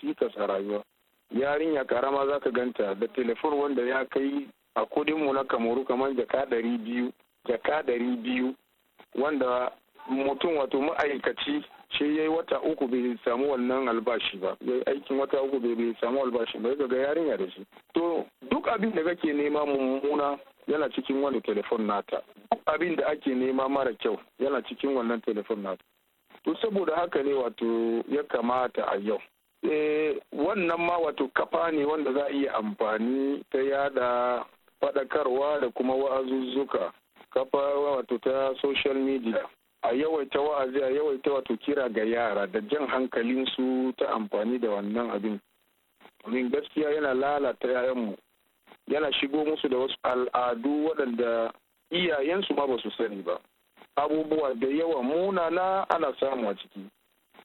tikas a rayuwa yarinya karama za ka ganta da telefon wanda ya kai a kudinmu na kamaru kamar jaka dari biyu jaka biyu wanda mutum wato ma'aikaci shi ya yi wata uku bai samu wannan albashi ba ya yi aikin wata uku bai samu albashi ba ya ga yarinya da shi to duk abin da kake nema mummuna yana cikin wani telefon nata duk abin da ake nema mara kyau yana cikin wannan telefon nata to saboda haka ne wato ya kamata a yau Eh, wannan ma wato kafa ne wanda za a iya amfani ta yada faɗakarwa da kuma wa'azuzzuka kafa wato ta social media a yawaita wa'azi a yawaita wato kira ga yara da jan hankalin su ta amfani da wannan abin domin gaskiya yana lalata 'ya'yanmu yana shigo musu da wasu al'adu waɗanda iyayensu ma ba su sani ba abubuwa da yawa munana ana samu a ciki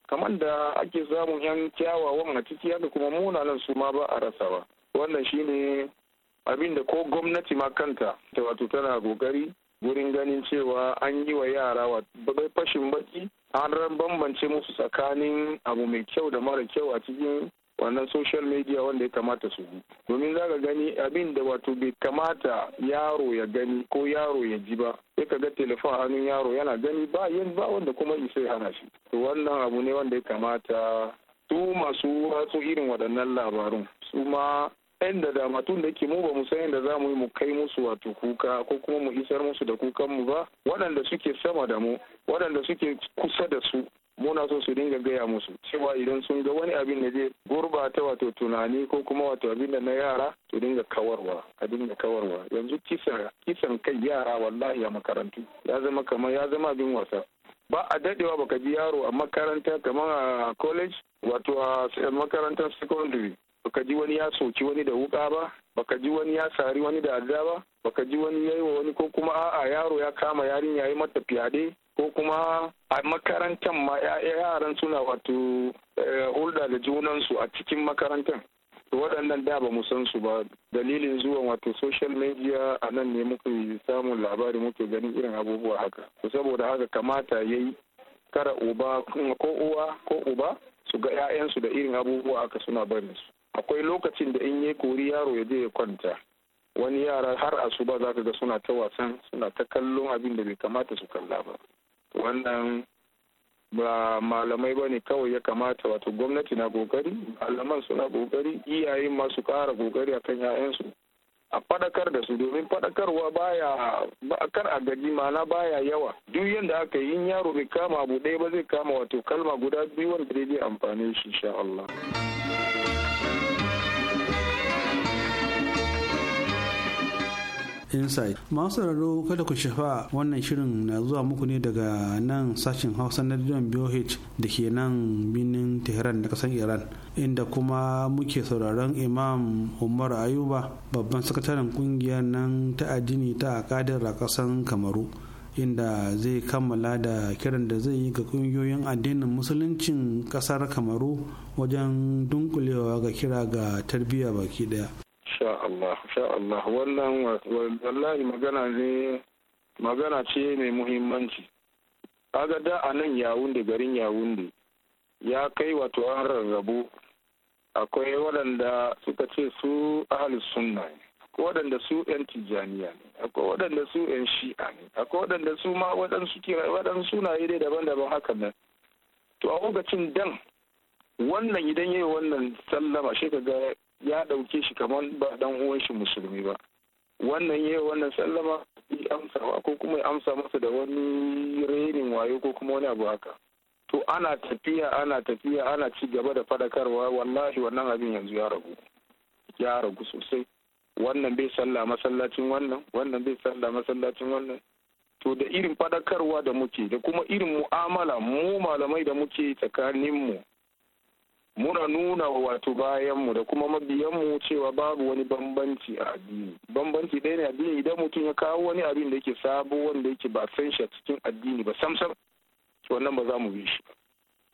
kamar da ake samun yan kyawawan a ciki haka kuma munanan su ma ba a rasa ba wannan shine abin da ko gwamnati ma kanta ta wato tana gogari wurin ganin cewa an yi wa yara wa fashin baki an bambance musu tsakanin abu mai kyau da mara kyau a cikin wannan social media wanda ya kamata su bi domin za ka gani abin da wato bai kamata yaro ya gani ko yaro ya ji ba sai ka ga telefon hannun yaro yana gani ba yin ba wanda kuma isa ya hana shi to wannan abu ne wanda ya kamata su masu watsu irin waɗannan labarun su ma yan da dama tun da ke mu ba mu san yadda za mu yi mu kai musu wato kuka ko kuma mu isar musu da kukan mu ba waɗanda suke sama da mu waɗanda suke kusa da su muna so su dinga gaya musu cewa idan sun ga wani abin da zai gurbata wato tunani ko kuma wato abin da na yara su dinga kawarwa a dinga kawarwa yanzu kisa kisan kai yara wallahi a makarantu ya zama kamar ya zama abin wasa ba a dadewa baka ji yaro a makaranta kamar a college wato a makarantar secondary baka ji wani ya soki wani da wuka ba baka ji wani ya sari wani da adda ba baka ji wani yayi wa wani ko kuma a'a yaro ya kama yarinya yayi mata fyade ko kuma a makarantar ma yaran suna wato eh, hulɗa da junansu a cikin makarantar waɗannan da ba mu san su ba dalilin zuwa wato social media a nan ne muke samun labari muke ganin irin abubuwa haka saboda haka kamata ya yi kara uba ko uwa ko uba su ga 'ya'yansu da irin abubuwa haka suna barin su akwai lokacin da in yi kori yaro ya je ya kwanta wani yara har asuba za ka ga suna ta wasan suna ta kallon abin da bai kamata su kalla ba wannan ba malamai ba ne kawai ya kamata wato gwamnati na kokari malaman suna kokari iyayen masu kara kokari akan 'ya'yansu a fadakar da su domin fadakarwa baya kar a gaji mana baya yawa duk yadda aka yi yaro bai kama abu ɗaya ba zai kama wato kalma guda biyu wanda zai amfani shi insha Allah. insight masu raro kada ku shafa wannan shirin na zuwa muku ne daga nan sashen hausa na rediyon boh da ke nan birnin tehran da kasan iran inda kuma muke sauraron imam umar ayuba babban sakataren kungiyar nan ta addini ta akadar a kasan kamaru inda zai kammala da kiran da zai yi ga kungiyoyin addinin musuluncin kasar kamaru wajen dunkulewa ga kira ga tarbiyya baki daya sha Allah sha Allah wannan wallahi magana ne magana ce mai muhimmanci kaga da a nan yawunde garin yawunde ya kai wato an rarrabu akwai waɗanda suka ce su ahli sunna ne akwai waɗanda su yan tijjaniya ne akwai waɗanda su yan shi'a ne akwai waɗanda su ma waɗansu kira waɗansu sunaye dai daban-daban haka nan to a lokacin dan wannan idan yayi wannan sallama shi ka ga ya ɗauke shi kamar ba dan uwan shi musulmi ba wannan ya wannan sallama ya amsa wa, ko kuma ya amsa masa da wani renin wayo ko kuma wani abu haka to ana tafiya ana tafiya ana ci gaba da fadakarwa wallahi wannan abin yanzu ya ragu ya ragu sosai wannan bai salla masallacin wannan wannan bai salla masallacin wannan to da irin fadakarwa da muke da kuma irin mu'amala mu malamai da muke tsakanin mu muna nuna wa wato bayanmu da kuma mabiyanmu cewa babu wani bambanci a addini bambanci ɗaya ne addini idan mutum ya kawo wani abin da yake sabo wanda yake ba san shi a cikin addini ba samsam wannan ba za mu bi shi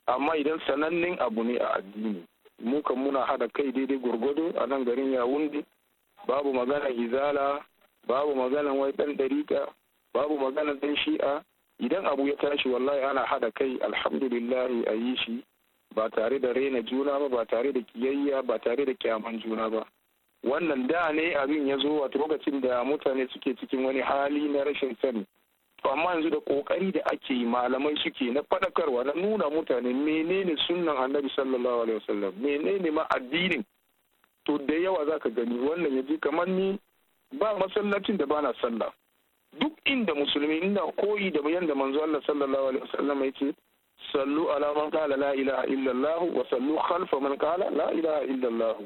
amma idan sanannen abu ne a addini mu kan muna haɗa kai daidai gurgudu a nan garin yawundi babu magana Izala. babu magana wai dan dariƙa babu magana dan shi'a idan abu ya tashi wallahi ana haɗa kai alhamdulillahi a yi shi ba tare da rena juna ba ba tare da kiyayya ba tare da kyaman juna ba wannan da ne abin ya zo wato lokacin da mutane suke cikin wani hali na rashin sani to amma yanzu da kokari da ake yi malamai suke na fadakarwa na nuna mutane menene sunnan annabi sallallahu alaihi wasallam menene ma addinin to da yawa zaka gani wannan yaji kamar ni ba masallacin da bana sallah duk inda musulmi ina koyi da yanda manzo Allah sallallahu alaihi wasallam yace sallu ala man kala la ilaha illallah wa sallu khalfa man kala la ilaha illallah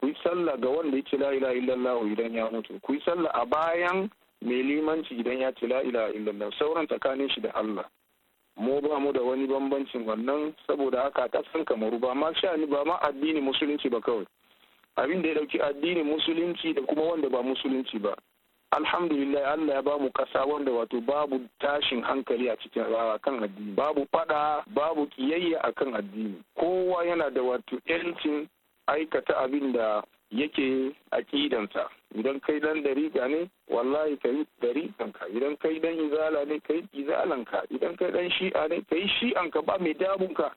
ku yi sallah ga wanda ya ce la ilaha illallah idan ya mutu ku yi sallah a bayan mai limanci idan ya ce la ilaha illallah sauran tsakanin shi da Allah mu ba mu da wani bambancin wannan saboda haka kasan kamar ba ma sha'ani ba ma addini musulunci ba kawai abin da ya dauki addinin musulunci da kuma wanda ba musulunci ba alhamdulillah Allah ya bamu kasa wanda wato babu tashin hankali a cikin rawa kan addini babu fada babu kiyayya akan addini kowa yana da wato 'yancin aikata abin da yake aƙidansa idan kai dan ga ne wallahi kai dariƙanka idan kai dan izala ne kai izalanka idan kai dan shi'a ne kai shi'anka ba mai damunka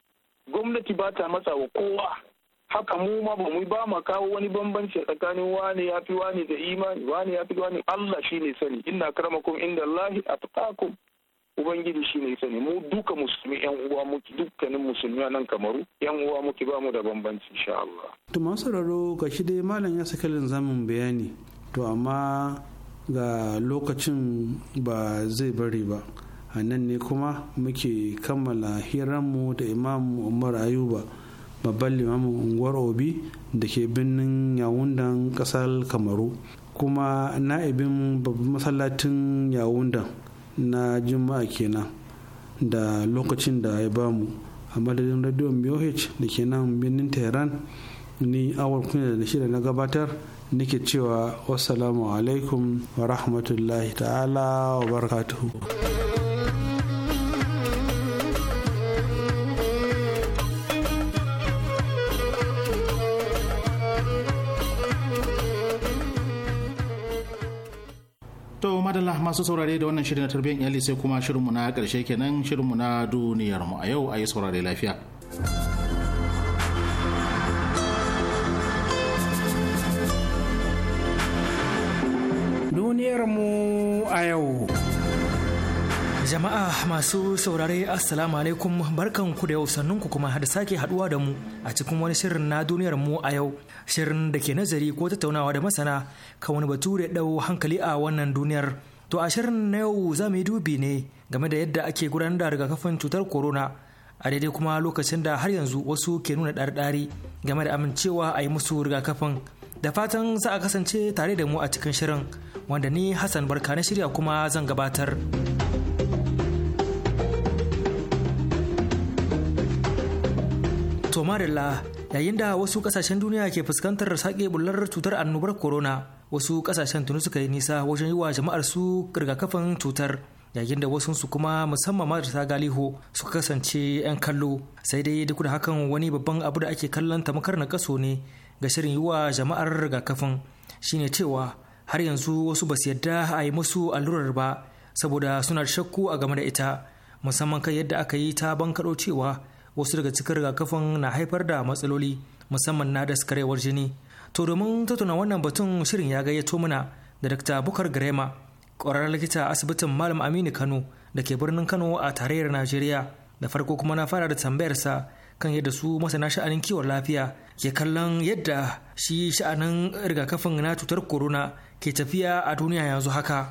gwamnati ba ta matsa wa kowa haka mu ma ba mu ba ma kawo wani bambanci tsakanin wane ya fi wane da imani wane ya fi wane Allah shi ne sani inna karamakum inda Allahi atqakum ubangiji shi ne sani mu duka musulmi yan uwa muke dukkanin musulmi nan kamaru yan uwa muke ba mu da bambanci insha Allah to masu sauraro gashi dai malam ya saka linzamin bayani to amma ga lokacin ba zai bari ba a nan ne kuma muke kammala hiranmu da imam umar ayuba babban limamin unguwar obi da ke birnin yawundan kasar kamaru kuma na'ibin babban masallacin yawundan na juma'a kenan da lokacin da ya bamu a madadin radio boh da ke nan birnin tehran ni awar kunya da shida na gabatar nake cewa wassalamu alaikum wa rahmatullahi ta'ala wa barakatuhu To madalla masu saurare da wannan shirin na tarbiyyar iyali sai kuma shirinmu na ƙarshe kenan shirinmu na duniyar mu a yau a yi saurare lafiya. Duniyar mu a yau. Jama'a masu saurare Assalamu alaikum barkan ku da yau sannun ku kuma da sake haduwa da mu a cikin wani shirin na duniyar mu a yau shirin da ke nazari ko tattaunawa da masana kan wani batu da dau hankali a wannan duniyar. To a shirin na yau za mu yi dubi ne game da yadda ake gudanar da rigakafin cutar corona a daidai kuma lokacin da har yanzu wasu ke nuna ɗarɗari game da amincewa a yi musu rigakafin. Da fatan za a kasance tare da mu a cikin shirin wanda ni Hassan Barka na shirya kuma zan gabatar. somalia yayin da wasu kasashen duniya ke fuskantar sake bullar cutar annobar corona, wasu kasashen tuni suka yi nisa wajen yi wa jama'ar su rigakafin cutar. yayin da wasu su kuma musamman marasa galiho suka kasance 'yan kallo sai dai duk da hakan wani babban abu da ake kallon tamakar na kaso ne ga shirin yi wa jama'ar rigakafin shine cewa har yanzu wasu ba su yadda a yi musu allurar ba saboda suna shakku a game da ita musamman kan yadda aka yi ta bankaɗo cewa wasu daga cikin rigakafin na haifar da matsaloli musamman na daskarewar jini to domin tattauna wannan batun shirin ya gayyato mana da dr bukar garema ƙwararren likita asibitin malam aminu kano da ke birnin kano a tarayyar najeriya da farko kuma na fara da tambayarsa kan yadda su masana sha'anin kiwon lafiya ke kallon yadda shi sha'anin rigakafin na cutar corona ke tafiya a duniya yanzu haka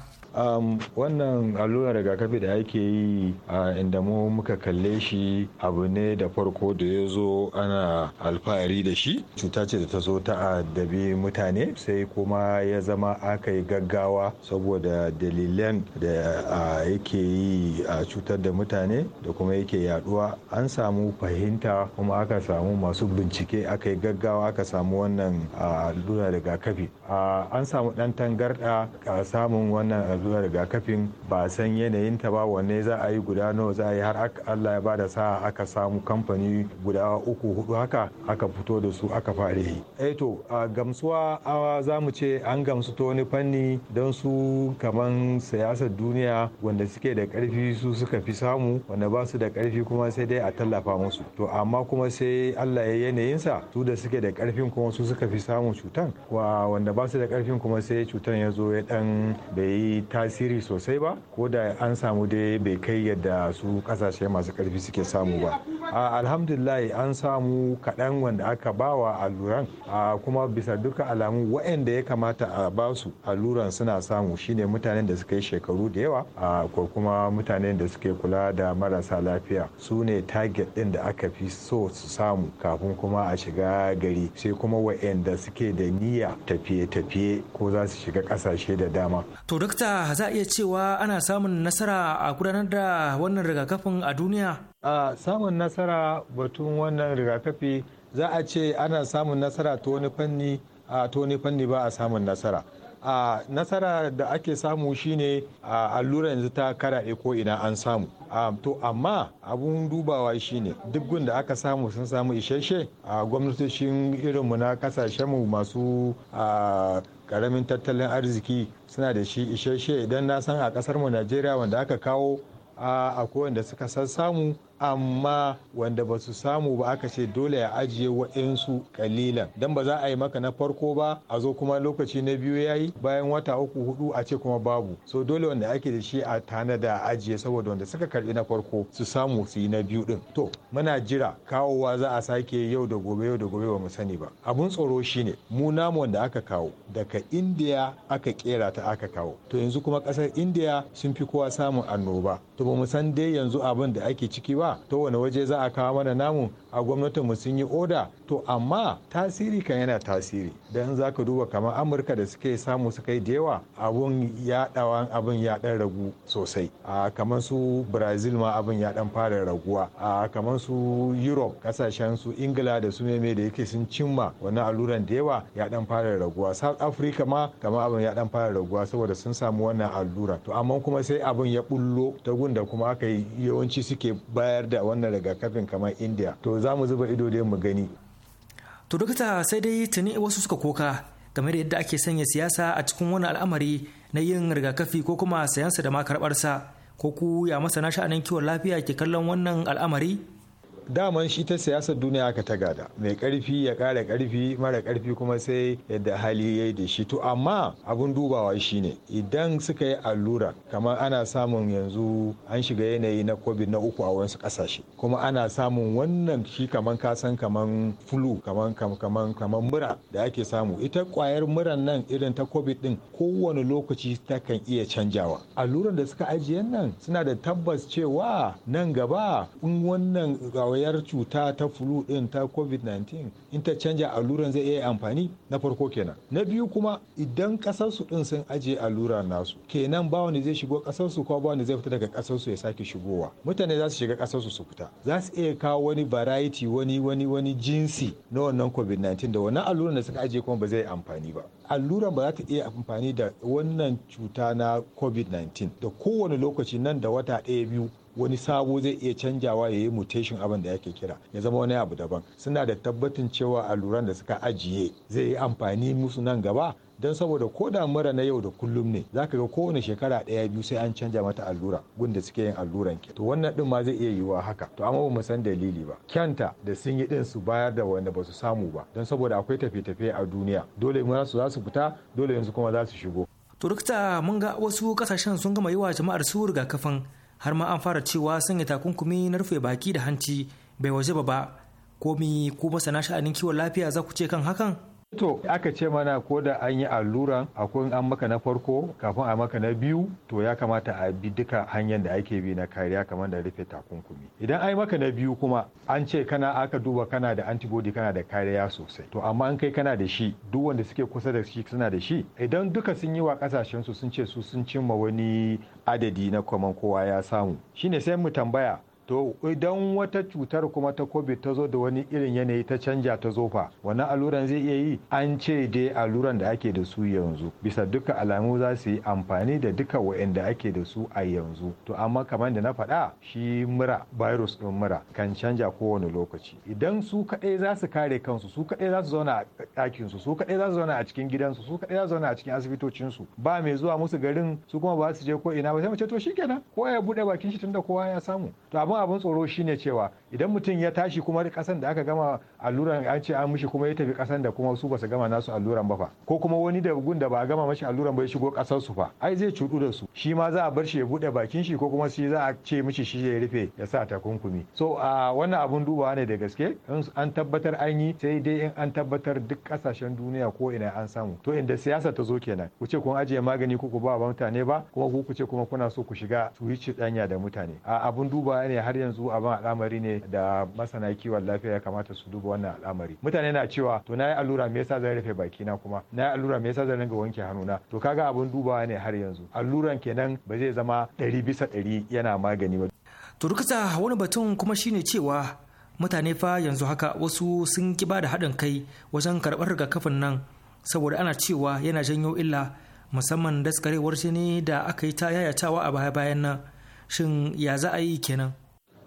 wannan allurar rigakafi da ake yi a inda mu muka kalle shi abu ne da farko da ya zo ana alfahari da shi cuta ce da ta zo ta addabi mutane sai kuma ya zama aka yi gaggawa saboda dalilan da yake yi a cutar da mutane da kuma yake yaduwa an samu fahimta kuma aka samu masu bincike aka yi gaggawa aka samu wannan allura rigakafi an samu dan tangarda samun wannan allurar rigakafin ba a san yanayin ta ba wanne za a yi guda nawa za a yi har Allah ya bada sa aka samu kamfani guda uku hudu haka aka fito da su aka fare yi. Eh to a gamsuwa awa za mu ce an gamsu ta wani fanni don su kaman siyasar duniya wanda suke da karfi su suka fi samu wanda ba su da karfi kuma sai dai a tallafa musu. To amma kuma sai Allah ya yanayinsa su da suke da karfin kuma su suka fi samu cutan wa wanda ba su da karfin kuma sai cutan ya zo ya dan bai yi tasiri sosai ba ko da an samu dai bai kai yadda su kasashe masu karfi suke samu ba alhamdulillah an samu kaɗan wanda aka bawa alluran kuma bisa duka alamu waɗanda ya kamata a ba basu alluran suna samu shine mutanen da suka yi shekaru da yawa ko kuma mutanen da suke kula da marasa lafiya su ne target ɗin da aka fi so su samu kafin kuma a shiga gari sai kuma waɗanda suke da niyya tafiye-tafiye ko za su shiga ƙasashe da dama to dokta za a iya cewa ana samun nasara a gudanar da wannan rigakafin a duniya? A samun nasara batun wannan rigakafi za a ce ana samun nasara ta wani fanni a ta wani fanni ba a samun nasara. a nasara da ake samu shine a allura yanzu ta kara ko ina an samu to amma abun dubawa shine duk gun da aka samu sun samu isasshe a gwamnatocin irinmu na kasashenmu masu karamin tattalin arziki suna da shi isheshe idan na san a kasar mu najeriya wanda aka kawo a akwai suka san samu amma wanda ba su samu ba aka ce dole ya ajiye wa'insu kalilan don ba za a yi maka na farko ba a zo kuma lokaci na biyu yayi bayan wata uku hudu a ce kuma babu so dole wanda ake da shi a tana da ajiye saboda wanda suka karbi na farko su samu su yi na biyu din to muna jira kawowa za a sake yau da gobe yau da gobe ba mu sani ba abun tsoro shine mu namu wanda aka kawo daga indiya aka kera ta aka kawo to yanzu kuma kasar indiya sun fi kowa samun annoba to ba mu san dai yanzu abin da ake ciki ba ba to wani waje za a kawo mana namu a mu sun yi oda to amma tasiri kan yana tasiri don za ka duba kamar amurka da suke samu suka yi da yawa abun ya abin ya dan ragu sosai a kamar su brazil ma abin ya dan fara raguwa a kamar su europe kasashen su ingila da su meme da yake sun cimma wani alluran da yawa ya dan fara raguwa south africa ma kamar abin ya dan fara raguwa saboda sun samu wannan allura to amma kuma sai abin ya bullo ta gunda kuma aka yi yawanci suke bayar da wannan rigakafin kamar india to za mu zuba ido da mu gani to dokta sai dai tuni wasu suka koka game da yadda ake sanya siyasa a cikin wani al'amari na yin rigakafi ko kuma sayansa da ma karɓarsa ko ku ya masana sha'anin kiwon lafiya ke kallon wannan al'amari daman shi ta siyasar duniya aka ta gada mai karfi ya kara karfi mara karfi kuma sai yadda hali ya yi da shi to amma abun dubawa shine idan suka yi allura kamar ana samun yanzu an shiga yanayi na covid na uku a wasu kasashe kuma ana samun wannan shi kamar kasan kaman flu kamar kamar kamar mura da ake samu ita kwayar muran nan irin ta covid din kowane lokaci ta kan iya canjawa alluran da suka ajiye nan suna da tabbas cewa nan gaba in wannan kwayar cuta ta flu din ta covid-19 in ta canja alluran zai iya amfani na farko kenan na biyu kuma idan kasarsu din sun ajiye allura nasu kenan ba wani zai shigo kasar su ko ba wani zai fita daga kasarsu ya sake shigowa mutane za su shiga kasarsu su su fita za su iya kawo wani variety wani wani wani jinsi na wannan covid-19 da wannan alluran da suka ajiye kuma ba zai amfani ba alluran ba za ta iya amfani da wannan cuta na covid-19 da kowane lokaci nan da wata ɗaya biyu wani sabo zai iya canjawa ya yi mutation abin da yake kira ya zama wani abu daban suna da tabbatin cewa alluran da suka ajiye zai yi amfani musu nan gaba don saboda ko da mura na yau da kullum ne zaka ga kowane shekara ɗaya biyu sai an canja mata allura gunda suke yin alluran ke to wannan din ma zai iya yiwuwa haka to amma ba mu san dalili ba kyanta da sun yi din su bayar da wanda ba su samu ba don saboda akwai tafiye-tafiye a duniya dole mu su za su fita dole yanzu kuma za su shigo to mun ga wasu kasashen sun gama yi wa jama'ar su rigakafin har ma an fara cewa sanya takunkumi na rufe baki da hanci bai waje ba ko komi ko masana sha'anin kiwon lafiya za ku ce kan hakan To aka ce mana ko da an yi alluran akwai an maka na farko kafin a maka na biyu to ya kamata a bi duka hanyar da ake bi na kariya kamar da rufe takunkumi. Idan an yi maka na biyu kuma an ce kana aka duba kana da antibody kana da kariya sosai. To amma an kai kana da shi duk wanda suke kusa da shi suna da shi. Idan duka sun yi wa kasashen su sun ce su sun cimma wani adadi na kwaman kowa ya samu. Shine sai mu tambaya to idan wata cutar kuma ta covid ta zo da wani irin yanayi ta canja ta zofa wannan alluran zai iya yi an ce dai alluran da ake da su yanzu bisa duka alamu za su yi amfani da duka wa'anda ake da su a yanzu to amma kamar da na faɗa shi mura virus ɗin mura kan canja kowane lokaci idan su kaɗai za su kare kansu su kaɗai za su zauna a ɗakinsu su kaɗai za su zauna a cikin gidansu su kaɗai za su zauna a cikin asibitocinsu ba mai zuwa musu garin su kuma ba su je ko ina ba sai mu ce to shikenan ko ya buɗe bakin shi tunda kowa ya samu to amma kuma abin tsoro shine cewa idan mutum ya tashi kuma kasan da aka gama alluran an ce an mishi kuma ya tafi kasan da kuma su ba gama nasu alluran ba fa ko kuma wani da gun da ba a gama mashi alluran ba ya shigo kasar su fa ai zai cudu da su shi ma za a bar shi ya bude bakin shi ko kuma shi za a ce mishi shi ya rufe ya sa takunkumi so a wannan abun dubawa ne da gaske in an tabbatar an yi sai dai in an tabbatar duk kasashen duniya ko ina an samu to inda siyasa ta zo kenan ku ce kun ajiye magani ku ku ba mutane ba kuma ku ku ce kuma kuna so ku shiga su yi danya da mutane a abun dubawa ne har yanzu abin al'amari ne da masana kiwon lafiya ya kamata su duba wannan al'amari mutane na cewa to na yi allura me yasa zan rufe baki na kuma na yi allura me yasa zan ringa wanke hannuna to kaga abin dubawa ne har yanzu alluran kenan ba zai zama ɗari bisa ɗari yana magani ba to rukuta wani batun kuma shine cewa mutane fa yanzu haka wasu sun ki da haɗin kai wajen karɓar rigakafin nan saboda ana cewa yana janyo illa musamman daskarewar jini da aka yi ta yayatawa a baya-bayan nan shin ya za a yi kenan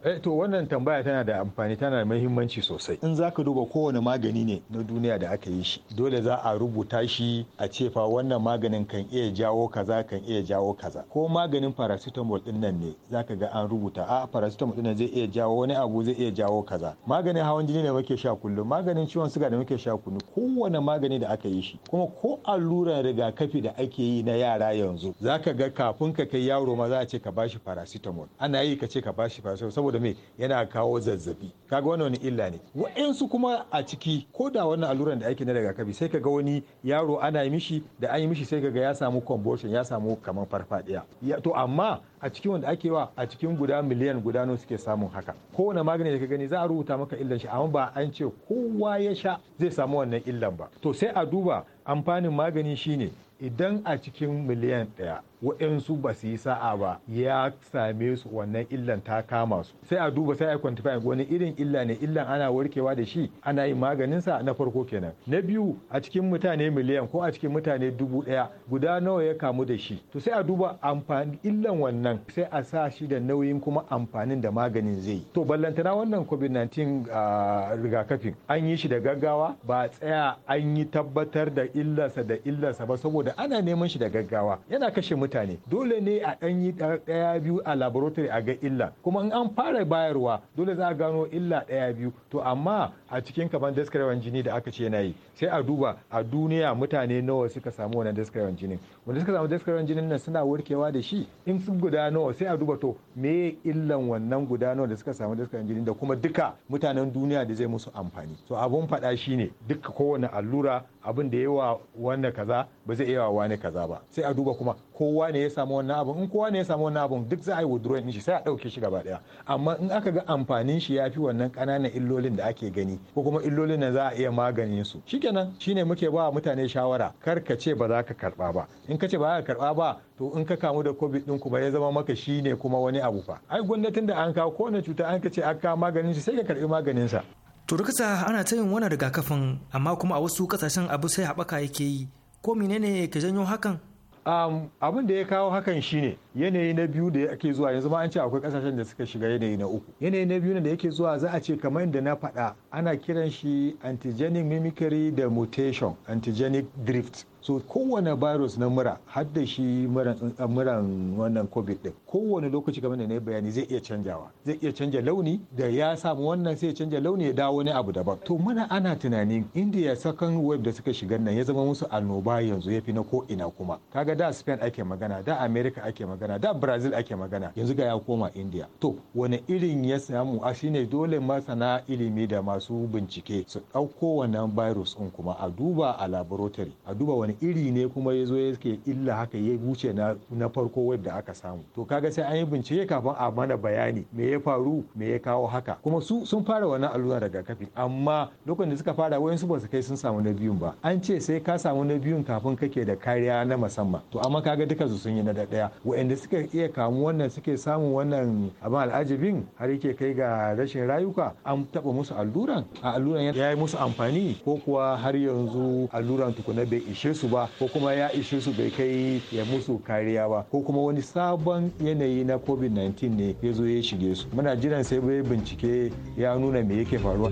Eh, to wannan tambaya tana da amfani tana da muhimmanci sosai. In za ka duba kowane magani ne na duniya da aka yi shi, dole za a rubuta shi a ce fa wannan maganin kan iya jawo kaza kan iya jawo kaza. Ko maganin paracetamol din nan ne za ka ga an rubuta a paracetamol din nan zai iya jawo wani abu zai iya jawo kaza. Maganin hawan jini da muke sha kullum, maganin ciwon suga da muke sha kullum, kowane magani da aka yi shi. Kuma ko alluran rigakafi da ake yi na yara yanzu, za ka ga kafin ka kai yaro ma za a ce ka bashi paracetamol. Ana yi ka ce ka bashi paracetamol saboda me yana kawo zazzabi kaga wannan wani illa ne wa'ansu kuma a ciki ko da wannan alluran da ake na rigakafi sai kaga wani yaro ana yi mishi da an yi mishi sai kaga ya samu convulsion ya samu kamar farfadiya to amma a cikin wanda ake wa a cikin guda miliyan guda nawa suke samun haka kowane magani da ka gani za a rubuta maka illan shi amma ba an ce kowa ya sha zai samu wannan illan ba to sai a duba amfanin magani shine idan a cikin miliyan ɗaya waɗansu ba su yi sa'a ba ya same su wannan illan ta kama su sai a duba sai a kwantifa wani irin illa ne illan ana warkewa da shi ana yi maganinsa na farko kenan na biyu a cikin mutane miliyan ko a cikin mutane dubu ɗaya guda nawa ya kamu da shi to sai a duba amfani illan wannan sai a sa shi da nauyin kuma amfanin da maganin zai yi to ballantana wannan covid-19 ah, rigakafin an yi shi da gaggawa ba tsaya an yi tabbatar da illarsa da illarsa ba saboda ana neman shi da gaggawa yana kashe mutane mutane dole ne a ɗan yi ɗaya biyu a laboratory a ga illa kuma in an fara bayarwa dole za a gano illa ɗaya biyu to amma a cikin kaman daskarewan jini da aka ce na yi sai a duba a duniya mutane nawa suka samu wannan daskarewan jinin wanda suka samu daskarewan jinin nan suna warkewa da shi in sun guda nawa sai a duba to me illan wannan guda nawa da suka samu daskarewan jini da kuma duka mutanen duniya da zai musu amfani to abun faɗa shine duka kowane allura abin da yawa wanda kaza ba zai yawa wani kaza ba sai a duba kuma kowa kowa ne ya samu wannan abun in kowa ne ya samu wannan abun duk za a yi withdrawing shi sai a ɗauke shi gaba ɗaya amma in aka ga amfanin shi ya fi wannan ƙananan illolin da ake gani ko kuma illolin da za a iya maganin su shikenan shine muke ba mutane shawara kar ka ce ba za ka karba ba in ka ce ba za ka karɓa ba to in ka kamu da covid ɗin kuma ya zama maka shine kuma wani abu fa ai gwamnatin da an kawo kowane cuta an ka ce an kawo maganin shi sai ka karbi maganin sa to rikasa ana ta yin wannan rigakafin amma kuma a wasu kasashen abu sai haɓaka yake yi ko menene ka janyo hakan Um, abin da ya kawo hakan shine yanayi na biyu da ake zuwa yanzu ma an ce akwai kasashen da suka shiga yanayi na uku yanayi na biyu da yake zuwa za a ce kamar yadda na faɗa ana kiran shi antigenic mimicry da mutation antigenic drift so kowane virus na mura har da shi muran uh, wannan covid din kowane lokaci kamar da na bayani zai iya canjawa zai iya canja launi da ya samu wannan sai ya canja launi ya dawo wani abu daban to muna ana tunanin india sakan web da suka shiga nan ya zama musu annoba yanzu ya fi na ko ina kuma kaga da spain ake magana da america ake magana da brazil ake magana yanzu ga ya koma india to wani irin ya samu a shine dole masana ilimi da masu bincike su ɗauko wannan virus din kuma a duba a laboratory a duba wani wani iri ne kuma ya zo yake illa haka ya wuce na farko wadda aka samu to kaga sai an yi bincike kafin a mana bayani me ya faru me ya kawo haka kuma su sun fara wani allura daga kafi amma lokacin da suka fara wayansu ba su kai sun samu na biyun ba an ce sai ka samu na biyun kafin kake da kariya na musamman to amma kaga duka su sun yi na daya wayanda suka iya kamu wannan suke samu wannan abin al'ajibin har yake kai ga rashin rayuka an taba musu alluran a alluran ya yi musu amfani ko kuwa har yanzu alluran tukuna bai ishe su su ba ko kuma ya ishe su bai kai ya musu kariya ba ko kuma wani sabon yanayi na covid-19 ne ya zo ya shige su muna jiran sai bai bincike ya nuna me yake faruwa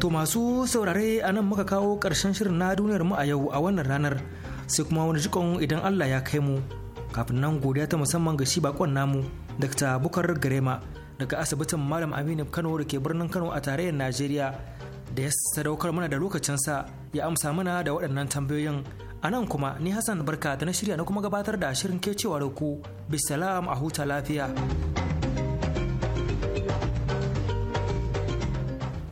To masu saurare a nan muka kawo ƙarshen shirin na duniyar mu a yau a wannan ranar sai kuma wani jikon idan Allah ya kai mu kafin nan godiya ta musamman ga shi bakon namu Dr. Bukar Garema daga asibitin Malam Aminu Kano da ke birnin Kano a tarayyar Najeriya da ya sadaukar mana da lokacinsa ya amsa mana da waɗannan tambayoyin a nan kuma ni hassan barka da na shirya na kuma gabatar da shirin cewa da ku bisalam a huta lafiya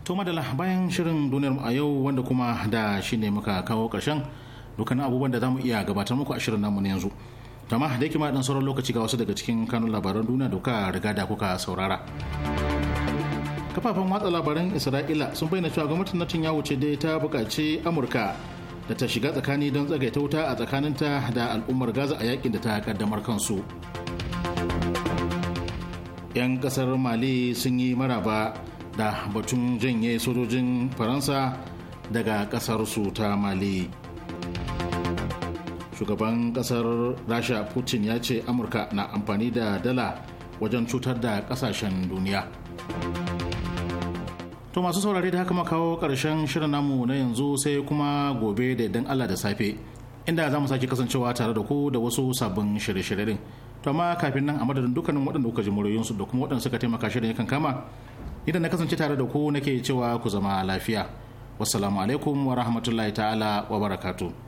to madala bayan shirin duniyar a yau wanda kuma da shi ne muka kawo ƙarshen dukkanin abubuwan da za mu iya gabatar muku a shirin namu na yanzu tama da yake ma dan sauran lokaci ga wasu daga cikin kanun labaran duniya da kuka riga da kuka saurara kafafen watsa labaran isra'ila sun bayyana cewa gwamnatin ya wuce dai ta buƙaci amurka da ta shiga tsakani don tsagaita wuta a tsakaninta da al'ummar gaza a yakin da ta kaddamar kansu yan kasar mali sun yi maraba da batun janye sojojin faransa daga kasarsu ta mali shugaban kasar rasha putin ya ce amurka na amfani da dala wajen cutar da kasashen duniya. to masu saurari da haka ma kawo karshen shirin namu na yanzu sai kuma gobe da idan Allah da safe inda za mu sake kasancewa tare da ku da wasu sabbin shirye-shirye din to amma kafin nan a madadin dukkanin waɗanda kuka ji su da kuma waɗanda suka taimaka shirin yakan kama idan na kasance tare da ku nake cewa ku zama lafiya wassalamu alaikum wa rahmatullahi ta'ala wa barakatuh